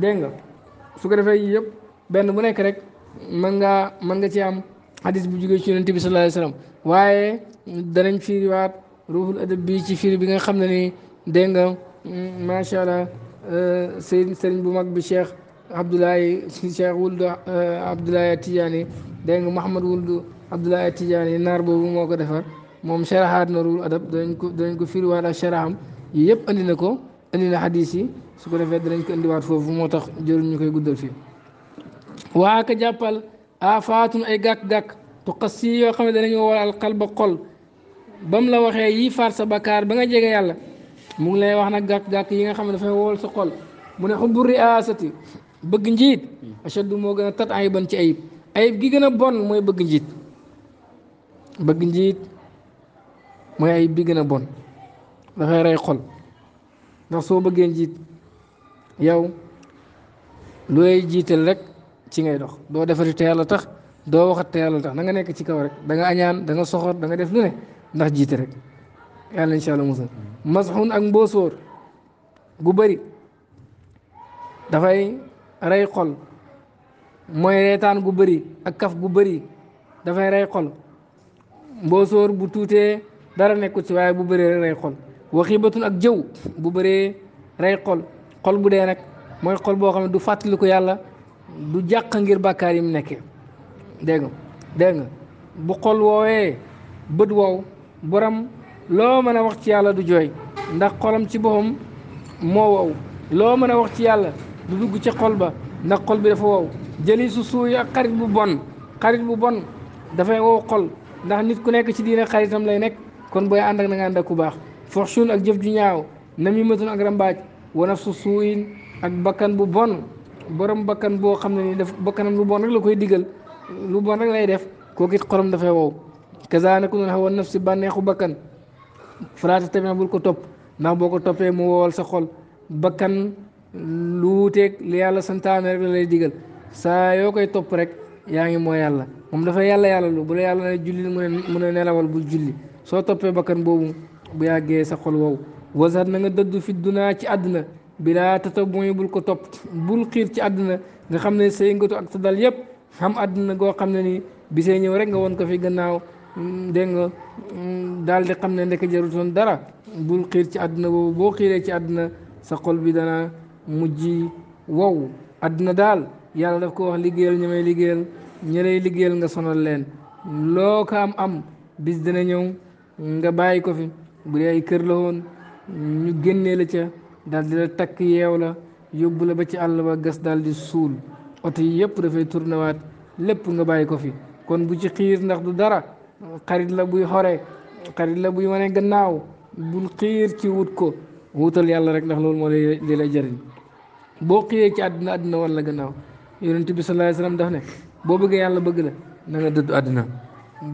dégg nga su ko defee yëpp benn bu nekk rek mën ngaa mën nga ci am hadis bu jógee ci yonente bi sallallahu alayhi wasallam waaye danañ firiwaat ruuxul adab bi ci firi bi nga xam ne ni dégg nga mm, macha allah euh, sëriñ sëriñ bu mag bi cheikh abdoulaye suñu cheikh wuldu abdoulaye tidiane dégg nga mahamad wuldu abdoulaye tidiane naar boobu moo ko defar moom sharaxaat na ruul adab dañ ko dañ ko firiwaat ak sharaxam yi yëpp andi na ko andi na xadis yi su ko defee danañ ko indiwaat foofu moo tax jëru ñu koy guddal fii waa ka jàppal aafaatun ay gàkk-gàkk tuqas si yoo xam ne danañu waral xal ba xol ba mu la waxee yii faar sa bakkaar ba nga jege yàlla mu ngi lay wax nag gàkk-gàkk yi nga xam ne dafay wowal sa xol mu ne xubbu riasati bëgg njiit ashaddu moo gën a tat ayiban ci ayib ayib gi gën a bon mooy bëgg njiit bëgg njiit mooy ayib bi gën a bon dafay rey xol ndax soo bëggee njiit yow looy jiital rek ci ngay dox doo defari te yàlla tax doo waxat te yàlla tax na nga nekk ci kaw rek da nga añaan da nga soxor def lu ne ndax jiite rek yàlla incha allah musal masxun ak mboosóor gu bëri dafay rey xol mooy reetaan gu bari ak kaf gu bari dafay rey xol mboosóor bu tuutee dara nekkut ci waaye bu bëree rey xol waxiibatun ak jëw bu bëree rey xol xol bu dee nag mooy xol boo xam ne du fàttaliku yàlla du jàq ngir bàkkaar yi mu nekkee dégg nga dégg nga bu xol woowee bët wow borom loo mën a wax ci yàlla du jooy ndax xolam ci boppam moo wow loo mën a wax ci yàlla du dugg ci xol ba ndax xol bi dafa wow jëli su suuy ak xarit bu bon xarit bu bon dafay wow xol ndax nit ku nekk ci diine xaritam lay nekk kon booy ànd ak na nga ànd ku baax foxsun ak jëf ju ñaaw namimatun ak rambaaj wa nafsu suuyin ak bakkan bu bon borom bakkan boo xam ne ni daf bakkanam lu bon rek la koy digal lu bon rek lay def kooku it xolam dafay wow kaza nako noon xawa si bànneexu bakkan faraata tamit bul ko topp ndax boo ko toppee mu wowal sa xol bakkan lu wuuteeg li yàlla santaane rek lay digal saa yoo koy topp rek yaa ngi mooy yàlla moom dafa yàlla yàlla lu bu la yàlla ne julli mu ne mu ne nelawal bul julli soo toppee bakkan boobu bu yàggee sa xol wow wasat na nga dëddu fi dunaa ci àdduna bilaa tata mooy bul ko topp bul xiir ci àdduna nga xam ne sa ak sa dal yëpp xam àdduna goo xam ne nii bisee ñëw rek nga won ko fi gannaaw mm, dégg nga mm, daal di xam ne ndek jarutoon dara bul ci àdduna boobu boo xiiree ci àdduna sa xol bi dana mujj wow àddina daal yàlla daf ko wax liggéeyal ñi may liggéeyal ñi lay liggéeyal nga sonal leen loo ko am am bis dina ñëw nga bàyyi ko fi bu dee ay kër la woon ñu génnee la ca daldi la takk yeew la yóbbu la ba ci àll ba gas daal suul oto yi yëpp dafay tournewaat lépp nga bàyyi ko fi kon bu ci xiir ndax du dara xarit la buy xore xarit la buy wane gannaaw bul xiir ci wut ko wutal yàlla rek ndax loolu moo lay li lay jëriñ boo xëyee ci àddina àddina wala gannaaw yonent bi sallallahu alayhi wasallam daf ne boo bëggee yàlla bëgg la na nga dëddu àddina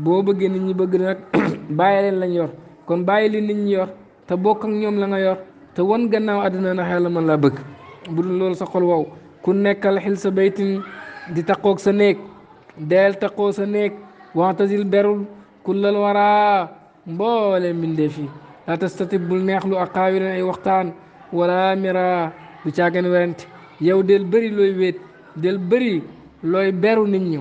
boo bëggee nit ñi bëgg la nag bàyyi leen lañ yor kon bàyyi li nit ñi yor te bokk ak ñoom la nga yor te wan gannaaw àddina ndax yàlla mën laa bëgg bu dul loolu sa xol wow ku nekkal xil sa baytin di taqoog sa néeg deel taqoo sa néeg waxtasil berul kullal waraa mboole mbindeef yi laa tastatib bul neexlu ak xaawiran ay waxtaan wala mira du caagan werante yow del bëri looy wéet del bëri looy beru nit ñi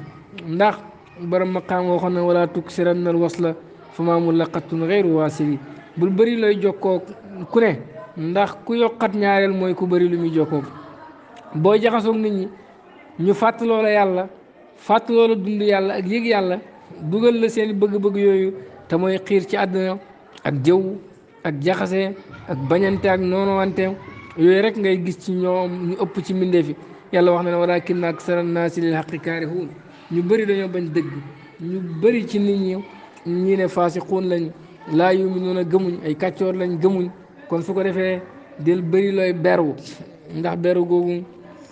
ndax baram borom maqaam waxoon na wala tuksiran nal wasla fa maamu laqatun xeyru waasili bul bëri looy jokkoo ku ne ndax ku yokkat ñaareel mooy ku bëri lu muy jokkook booy jaxasoog nit ñi ñu fàttaloo la yàlla fàttaloo la dund yàlla ak yëg yàlla dugal la seen bëgg-bëgg yooyu te mooy xiir ci àdduna ak jëw ak jaxase ak bañante ak noonowante yooyu rek ngay gis ci ñoom ñu ëpp ci mbindeef yi yàlla wax na ne walaakinna aksara naasi lil haqqi kaarihuun ñu bëri dañoo bañ dëgg ñu bëri ci nit ñi ñii ne faasiquun lañ laa yuminuuna gëmuñ ay kàccoor lañ gëmuñ kon su ko defee del bëri looy berwu ndax beru googu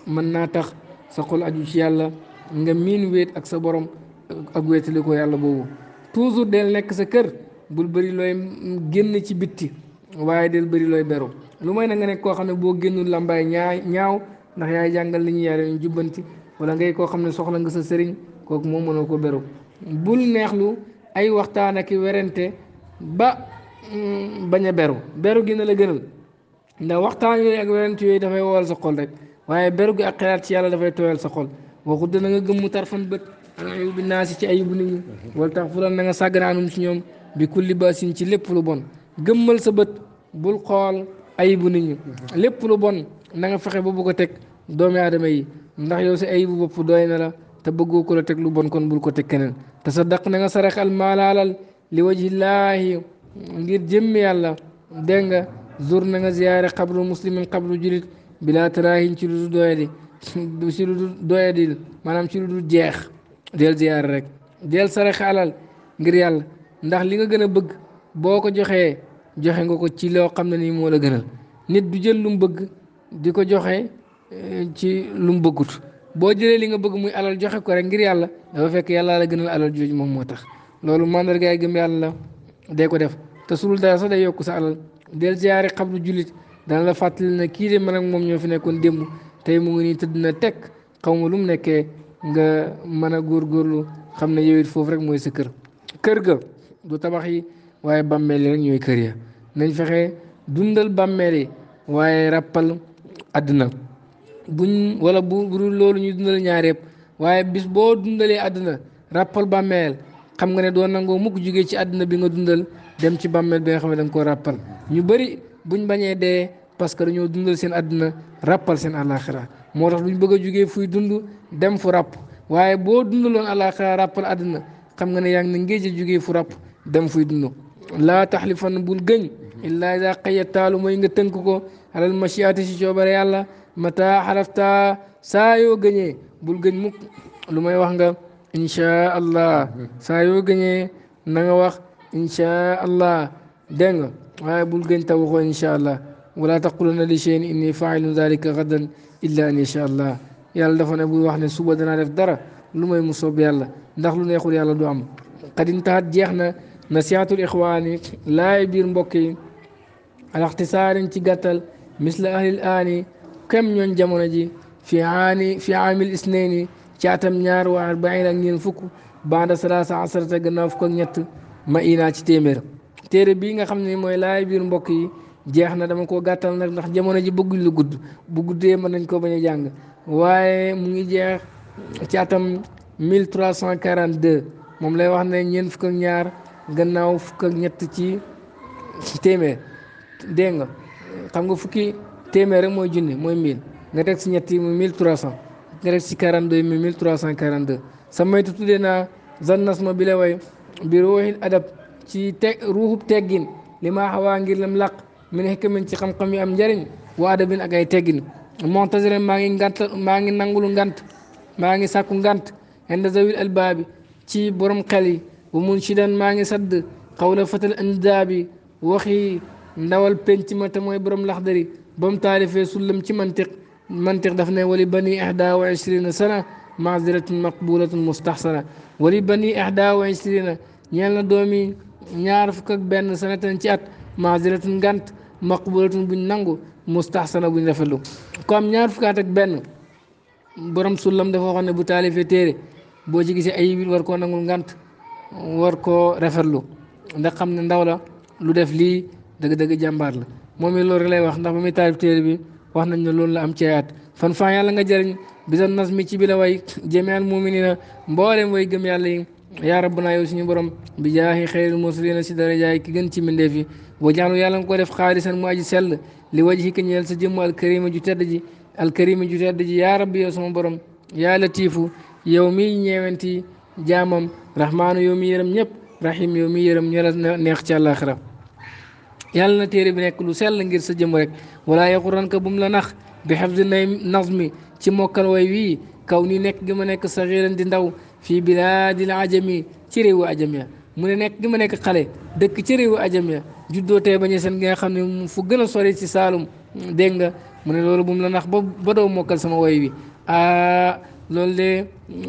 mën naa tax sa xol aju ci yàlla nga miin wéet ak sa borom ak wéetali ko yàlla boobu toujours del nekk sa kër bul bëri looy génn ci bitti waaye del bëri looy beru lu may na nga nekk koo xam ne boo génnul làmbaay ñaa ñaaw ndax yaay jàngal li ñu yare ñu jubbanti wala ngay koo xam ne soxla nga sa sëriñ kooku moom mënoo koo beru bul neexlu ay waxtaan ak i werante ba mm, bañ a beru beru gi na la gënal ndax waxtaan yooyu ak werante yooyu dafay wowal sa xol rek waaye beru gi ak xalaat ci yàlla dafay tooyal sa xol waxut na nga gëmm tarfan bët an ayubi naa si ci ay nit ñi wala tax fulan la nga sàgganaanum si ñoom bi kulli basin ci lépp lu bon gëmmal sa bët bul xool ayibu nit ñi lépp lu bon na nga fexe ba bëgg a teg doomi aadama yi ndax yow si ayibu bopp dooy na la te bëggoo ko la teg lu bon kon bul ko teg keneen te sa daq na nga sarax al alal li wajillaahi ngir jëmm yàlla dégg nga zur na nga ziyaare xabru muslimin xabru julit bilaa taraahin ci lu du doyadi ci lu du doyadi maanaam ci lu du jeex del ziyaare rek del sarax alal ngir yàlla ndax li nga gën a bëgg boo ko joxee joxe nga ko ci loo xam ne ni moo la gënal nit du jël lu mu bëgg di ko joxe eh, ci lu bëggut boo jëlee li nga bëgg muy alal joxe ko rek ngir yàlla dafa fekk yàlla la gënal alal jooju moom moo tax loolu mandargaay gëm yàlla la day ko def te sulul dara sax day yokk sa alal del ziyaare xabru jullit dana la fàttali ne kii de man ak moom ñoo fi nekkoon démb tey mu ngi nii tëdd teg xaw ma lu mu nekkee nga man a góor góorlu xam ne yow foofu rek mooy sa kër kër ga du tabax waaye bàmmeel yi rek ñooy kër ya nañ fexe dundal bàmmeel yi waaye rappal àdduna buñ wala bu dul loolu ñuy dundal ñaar yëpp waaye bis boo dundalee àdduna rappal bàmmeel xam nga ne doo nangoo mukk jógee ci àdduna bi nga dundal dem ci bàmmeel bi nga xam ne da nga koo rappal ñu bëri buñ bañee dee parce que dañoo dundal seen àdduna rappal seen àllaaxira moo tax ñu bëgg a jógee fuy dund dem fu rapp waaye boo dundaloon àllaaxira rappal àdduna xam nga ne yaa ngi ne jógee fu rapp dem fuy dund laa taxlifan bul gëñ illaa ida xayattaa lu mooy nga tënk ko alal machiati si coobare yàlla mata xalafta saa yoo gëñee bul gëñ mukk lu may wax nga inchaa allah saa yoo gëñee na nga wax inchaa allah dégg nga waaye bul gëñ ta waxoo inchaa allah wala taqulanna li cheyin inni failun dalika gadan illa an inchaa allah yàlla dafa ne bul wax ne suba danaa def dara lu may mu soob yàlla ndax lu neexul yàlla du am xadintaat jeex na nasihatul ixwaani laay biir mbokk yi al ixtisaarin ci gàttal misla ahlil aani kem ñoon jamono ji fi aani fi aamil isnaini ci atam ñaar wa arbain ak ñeen fukk baada salaasa asarata gannaaw fukk ak ñett ma inaa ci téeméer téere bii nga xam ne mooy laay biir mbokk yi jeex na dama koo gàttal nag ndax jamono ji bëgguñ lu gudd bu guddee mën nañ koo bañ a jàng waaye mu ngi jeex ci atam 1342 moom lay wax ne ñeen fukk ak ñaar gannaaw fukk ak ñett ci téeméer dégg nga xam nga fukki téeméer rek mooy junni mooy mille nga teg si ñett yi muy trois cent nga teg si quarante deux muy mille trois cent quarante deux sa maytu naa zannas ma bi la way bi ruuxil adab ci teg teggin li maa xawaa ngir lam làq min xikamin ci xam-xam yu am njëriñ waa adabin ak teggin montagere maa ngi ngant nangulu ngant maa ngi sàkku ngant inda zawil albaabi ci borom xel yi ومنشدا ما نجي سد قول فتل اندابي وخي ndawal penc ma te mooy borom laxdari ba mu taalifee sullam ci mantiq mantiq daf ne wali bani ihda wa ishrina sana maziratun maqbulatun mustaxsana wali bani ihda wa ishrina ñeel na doomi ñaar fukk ak benn sanatan ci at maziratun ngant maqbulatun buñ nangu mustaxsana buñ rafetlu ko am ñaar fukkaat ak benn borom sullam dafa waxoon ne bu taalifee téere boo ci gisee ayib war koo nangul ngant war koo rafetlu ndax xam ne ndaw la lu def lii dëgg-dëgg jàmbaar la moom it loolu rek lay wax ndax ba muy taalif téere bi wax nañ ne loolu la am ceeyaat fan faa yàlla nga jëriñ bisa nas mi ci bi la way jamial muminina mboolem way gëm yàlla yi yaa rabbana yow suñu borom bi jaahi xayril mursalina si darajaay ki gën ci mbindeef yi wajaanu yàlla nga ko def xaalisan mu aji sell li wajhi ka ñeel sa jëmm alkarima ju tedd ji alkarima ju tedd ji yaa rabbi yow sama borom yaa latiifu yow mi ñeewenti jaamam rahmaanu yow mi yërëm ñëpp rahim yow mi yërëm ñoras neex ci àllaaxira yàlla na téere bi nekk lu sell ngir sa jëm rek wala yaxuran ka bu la nax bi xafdi nay nazmi ci mokkal way wi kaw ni nekk gi ma nekk saxiiran di ndaw fii bilaadil ajami ci réewu ajam ya mu ne nekk gi ma nekk xale dëkk ci réewu ajam ya juddoo tey bañe seen gi nga xam ne fu gën a sori ci saalum dégg nga mu ne loolu bu la nax ba ba doo mokkal sama way wi loolu de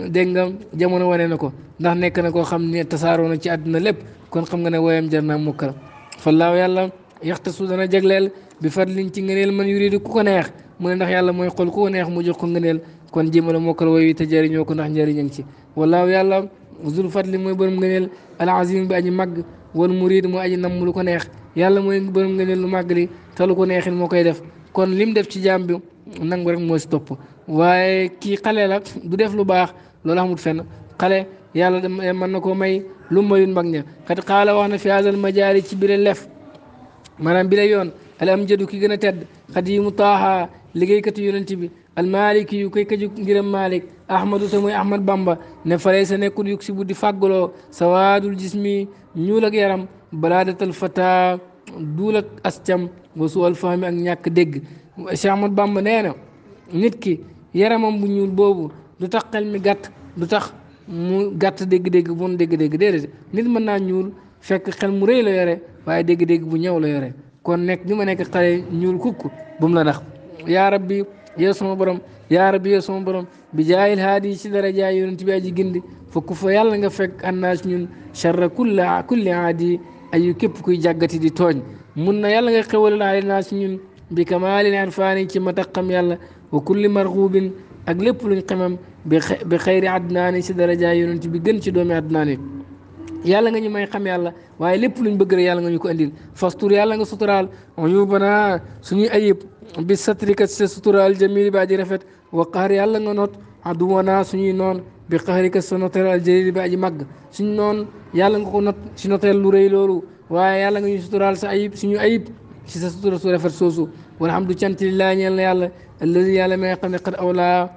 dégg nga jamono wane na ko ndax nekk na koo xam ne tasaaroo na ci àdduna lépp kon xam nga ne woyam jar naa mukkal fallaaw yàlla yaxtasu dana jagleel bi fadlin ci ngëneel man yuridu ku ko neex mu ne ndax yàlla mooy xool ku ko neex mu jox ko ngëneel kon jéem a mokkal woy te jëriñoo ko ndax njëriñ ci wallaahu yàlla zul fadli mooy borom ngëneel al azim bi aji màgg wal murid mu aji namm lu ko neex yàlla mooy borom ngëneel lu màgg li te lu ko neexin moo koy def kon lim def ci jaam bi nangu rek moo si topp waaye kii xale la du def lu baax loolu amul fenn xale yàlla eh, mën na koo may lu mayun mag ña xat xaala wax na fi haasal majaari ci bile lef maanaam bile yoon al am jëdu ki gën a tedd xat yi mu taaxaa liggéeykatu yonent bi al maliki yu koy kaju ngiram malik ahmadu te mooy ahmad bamba ne falay sa nekkul yug si buddi fàggaloo sawaadul jismi ñuul ak yaram balaadatal fata duul ak ascam wasu alfahmi ak ñàkk dégg Cheikh Ahmadou Bamba nee na nit ki yaramam bu ñuul boobu du tax xel mi gàtt du tax mu gàtt dégg-dégg bon dégg-dégg déedéet nit mën naa ñuul fekk xel mu rëy la yore waaye dégg-dégg bu ñëw la yore kon nekk ñu ma nekk xale ñuul kukk bu mu la ndax yaa rabbi yow sama borom yaa rabbi yow sama borom bi jaayil haadi ci dara jaay yonent bi aji gindi fokk fa yàlla nga fekk annaas ñun charra kulla kulli aadi ayu képp kuy jàggati di tooñ mun na yàlla nga xewal naa naas ñun بكمال العرفان كما تقم يلا وكل مرغوب أغلب القمم بخير عدنان سي درجة يونت بجن سي دومي عدنان يلا نجي ما يقم يلا وهي لب بقر يلا نجي يكون دين فستور يلا نجي سترال عيوبنا سني أيب بسطرك سترى جميل بعد رفت وقهر يلا نجي عدونا سني نون بقهرك سنتر الجليل بعد مغ سنون يلا نجي نوت سنتر لوري لورو وهي يلا نجي سترال سأيب سني أيب ci sa sutura su rafet soosu walhamdu cant lillahi ñeel na yàlla alladi yàlla mi nga xam ne xat awlaa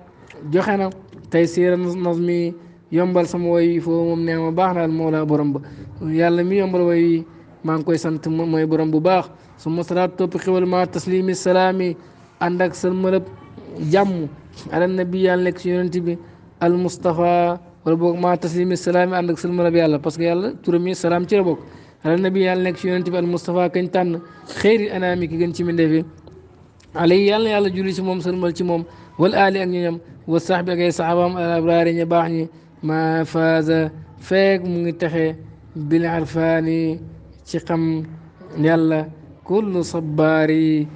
joxe na tey siira nazmi yombal sama woy yi foofu moom nee ma baax daal moo laa borom ba yàlla mi yombal woy yi maa ngi koy sant mooy borom bu baax su ma salaat topp xewal ma taslimi salaami ànd ak salmalëb jàmm ala nabi yàlla nekk si yonent bi al Mustafa wala boog ma taslimi salaami ànd ak salmalëb yàlla parce que yàlla turam yi salaam ci la bokk ala nabi yàlla nekk si yonent bi al Moustapha kañ tànn xëyri anaami ki gën ci mbindéef yi alay yàlla yàlla julli si moom sërmal ci moom wal aali ak ñoñam wa sax bi ak ay saxabaam al abraari ña baax ñi ma faaza feeg mu ngi texe bil arfaani ci xam yàlla kullu sabbaari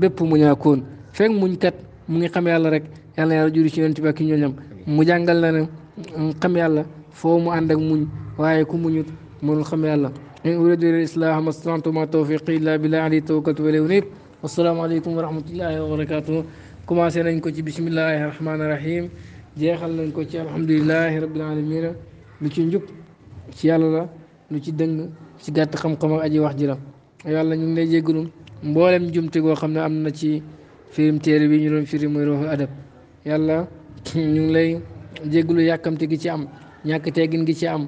bépp mu ñaakoon feeg muñ kat mu ngi xam yàlla rek yàlla yàlla julli ci yonent bi ak ñoñam mu jàngal na ne xam yàlla foo mu ànd ak muñ waaye ku muñut mënul xam yàlla إن أريد الإصلاح ما استطعت ما توفيقي إلا بالله عليه توكلت وإليه أنيب والسلام عليكم ورحمة الله وبركاته commencé nañ ko ci bismillahi rahmaani rahim jeexal nañ ko ci alhamdulilahi rabbil alamina lu ci njub ci yàlla la lu ci dëng ci gàtt xam-xam ak aji wax ji la yàlla ñu ngi lay jéggalu mboolem jumte goo xam ne am na ci firim téere bi ñu doon firi muy ruuxu adab yàlla ñu ngi lay jéggalu yàkkamte gi ci am ñàkk teggin gi ci am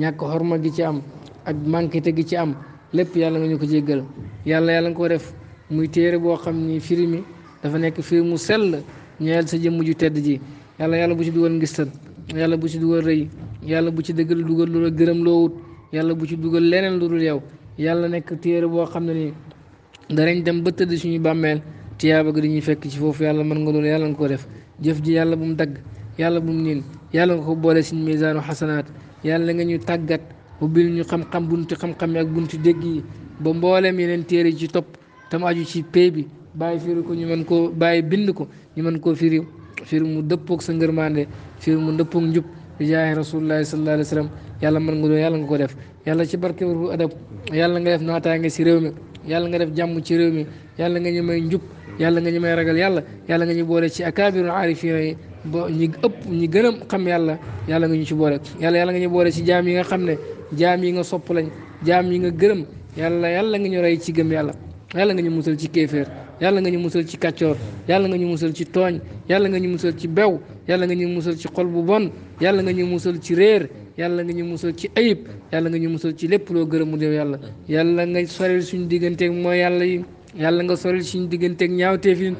ñàkk xorma gi ci am ak manqué gi ci am lépp yàlla nga ñu ko jéggal yàlla yàlla nga ko def muy téere boo xam ni firi mi dafa nekk firi mu sell ñeel sa jëmm ju tedd ji yàlla yàlla bu ci dugal ngistal yàlla bu ci dugal rëy yàlla bu ci dëggal dugal loola gërëm loowut yàlla bu ci dugal leneen lu dul yow yàlla nekk téere boo xam ne ni danañ dem ba tëdd suñu bàmmeel tiyaaba gi ñuy fekk ci foofu yàlla mën nga loolu yàlla nga ko def jëf ji yàlla bu mu dagg yàlla bu m yàlla nga ko boole suñu misaanu xasanaat yàlla nga ñu tàggat ubbil ñu xam-xam bunti xam-xam yi ak bunti dégg yi ba mboolem yeneen téere ci topp tam aju ci pay bi bàyyi firi ko ñu mën koo bàyyi bind ko ñu mën koo firi firi mu dëppoog sa ngërmande firi mu dëppoog njub di jaay rasulullahi sallallahu alayhi wa yàlla mën nga doo yàlla nga ko def yàlla ci barke wu adab yàlla nga def naataange si réew mi yàlla nga def jàmm ci réew mi yàlla nga ñu may njub yàlla nga ñu may ragal yàlla yàlla nga ñu boole ci akaabiru aarifina yi ba ñi ëpp ñi gën a xam yàlla yàlla nga ñu ci boole yàlla yàlla nga ñu boole ci jaam yi nga xam ne jaam yi nga sopp lañ jaam yi nga gërëm yàlla yàlla nga ñu rey ci gëm yàlla yàlla nga ñu musal ci kéeféer yàlla nga ñu musal ci kàccoor yàlla nga ñu musal ci tooñ yàlla nga ñu musal ci bew yàlla nga ñu musal ci xol bu bon yàlla nga ñu musal ci réer yàlla nga ñu musal ci ayib yàlla nga ñu musal ci lépp loo gërëmul yow yàlla yàlla nga soril suñu digganteek mooy yàlla yàlla nga soril suñu digganteeg ñaawteef yi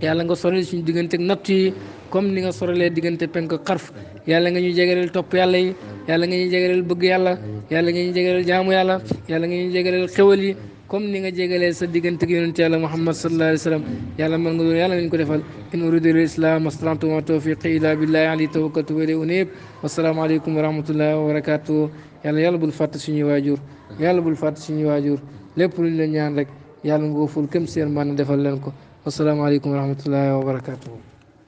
yàlla nga soril digganteeg natt yi comme ni nga soralee diggante penk xarf yàlla nga ñu jegaleel topp yàlla yi yàlla nga ñu jegaleel bëgg yàlla yàlla nga ñu jegaleel jaamu yàlla yàlla nga ñu jegaleel xewal yi comme ni nga jegalee sa diggante gi yonente yàlla muhammad sallallahu alayhi wa sallam yàlla man nga doon yàlla nga ñu ko defal in uridu lislam astantu ma tawfiqi illa billahi alayhi tawakkaltu wa ilayhi unib wasalaamaaleykum wa rahmatullahi wa barakatuh yàlla yàlla bul fàtte suñuy waajur yàlla bul fàtte suñuy waajur lépp luñ la ñaan rek yàlla nga ko ful këm seen man defal leen ko wasalaamaaleykum wa rahmatullahi wa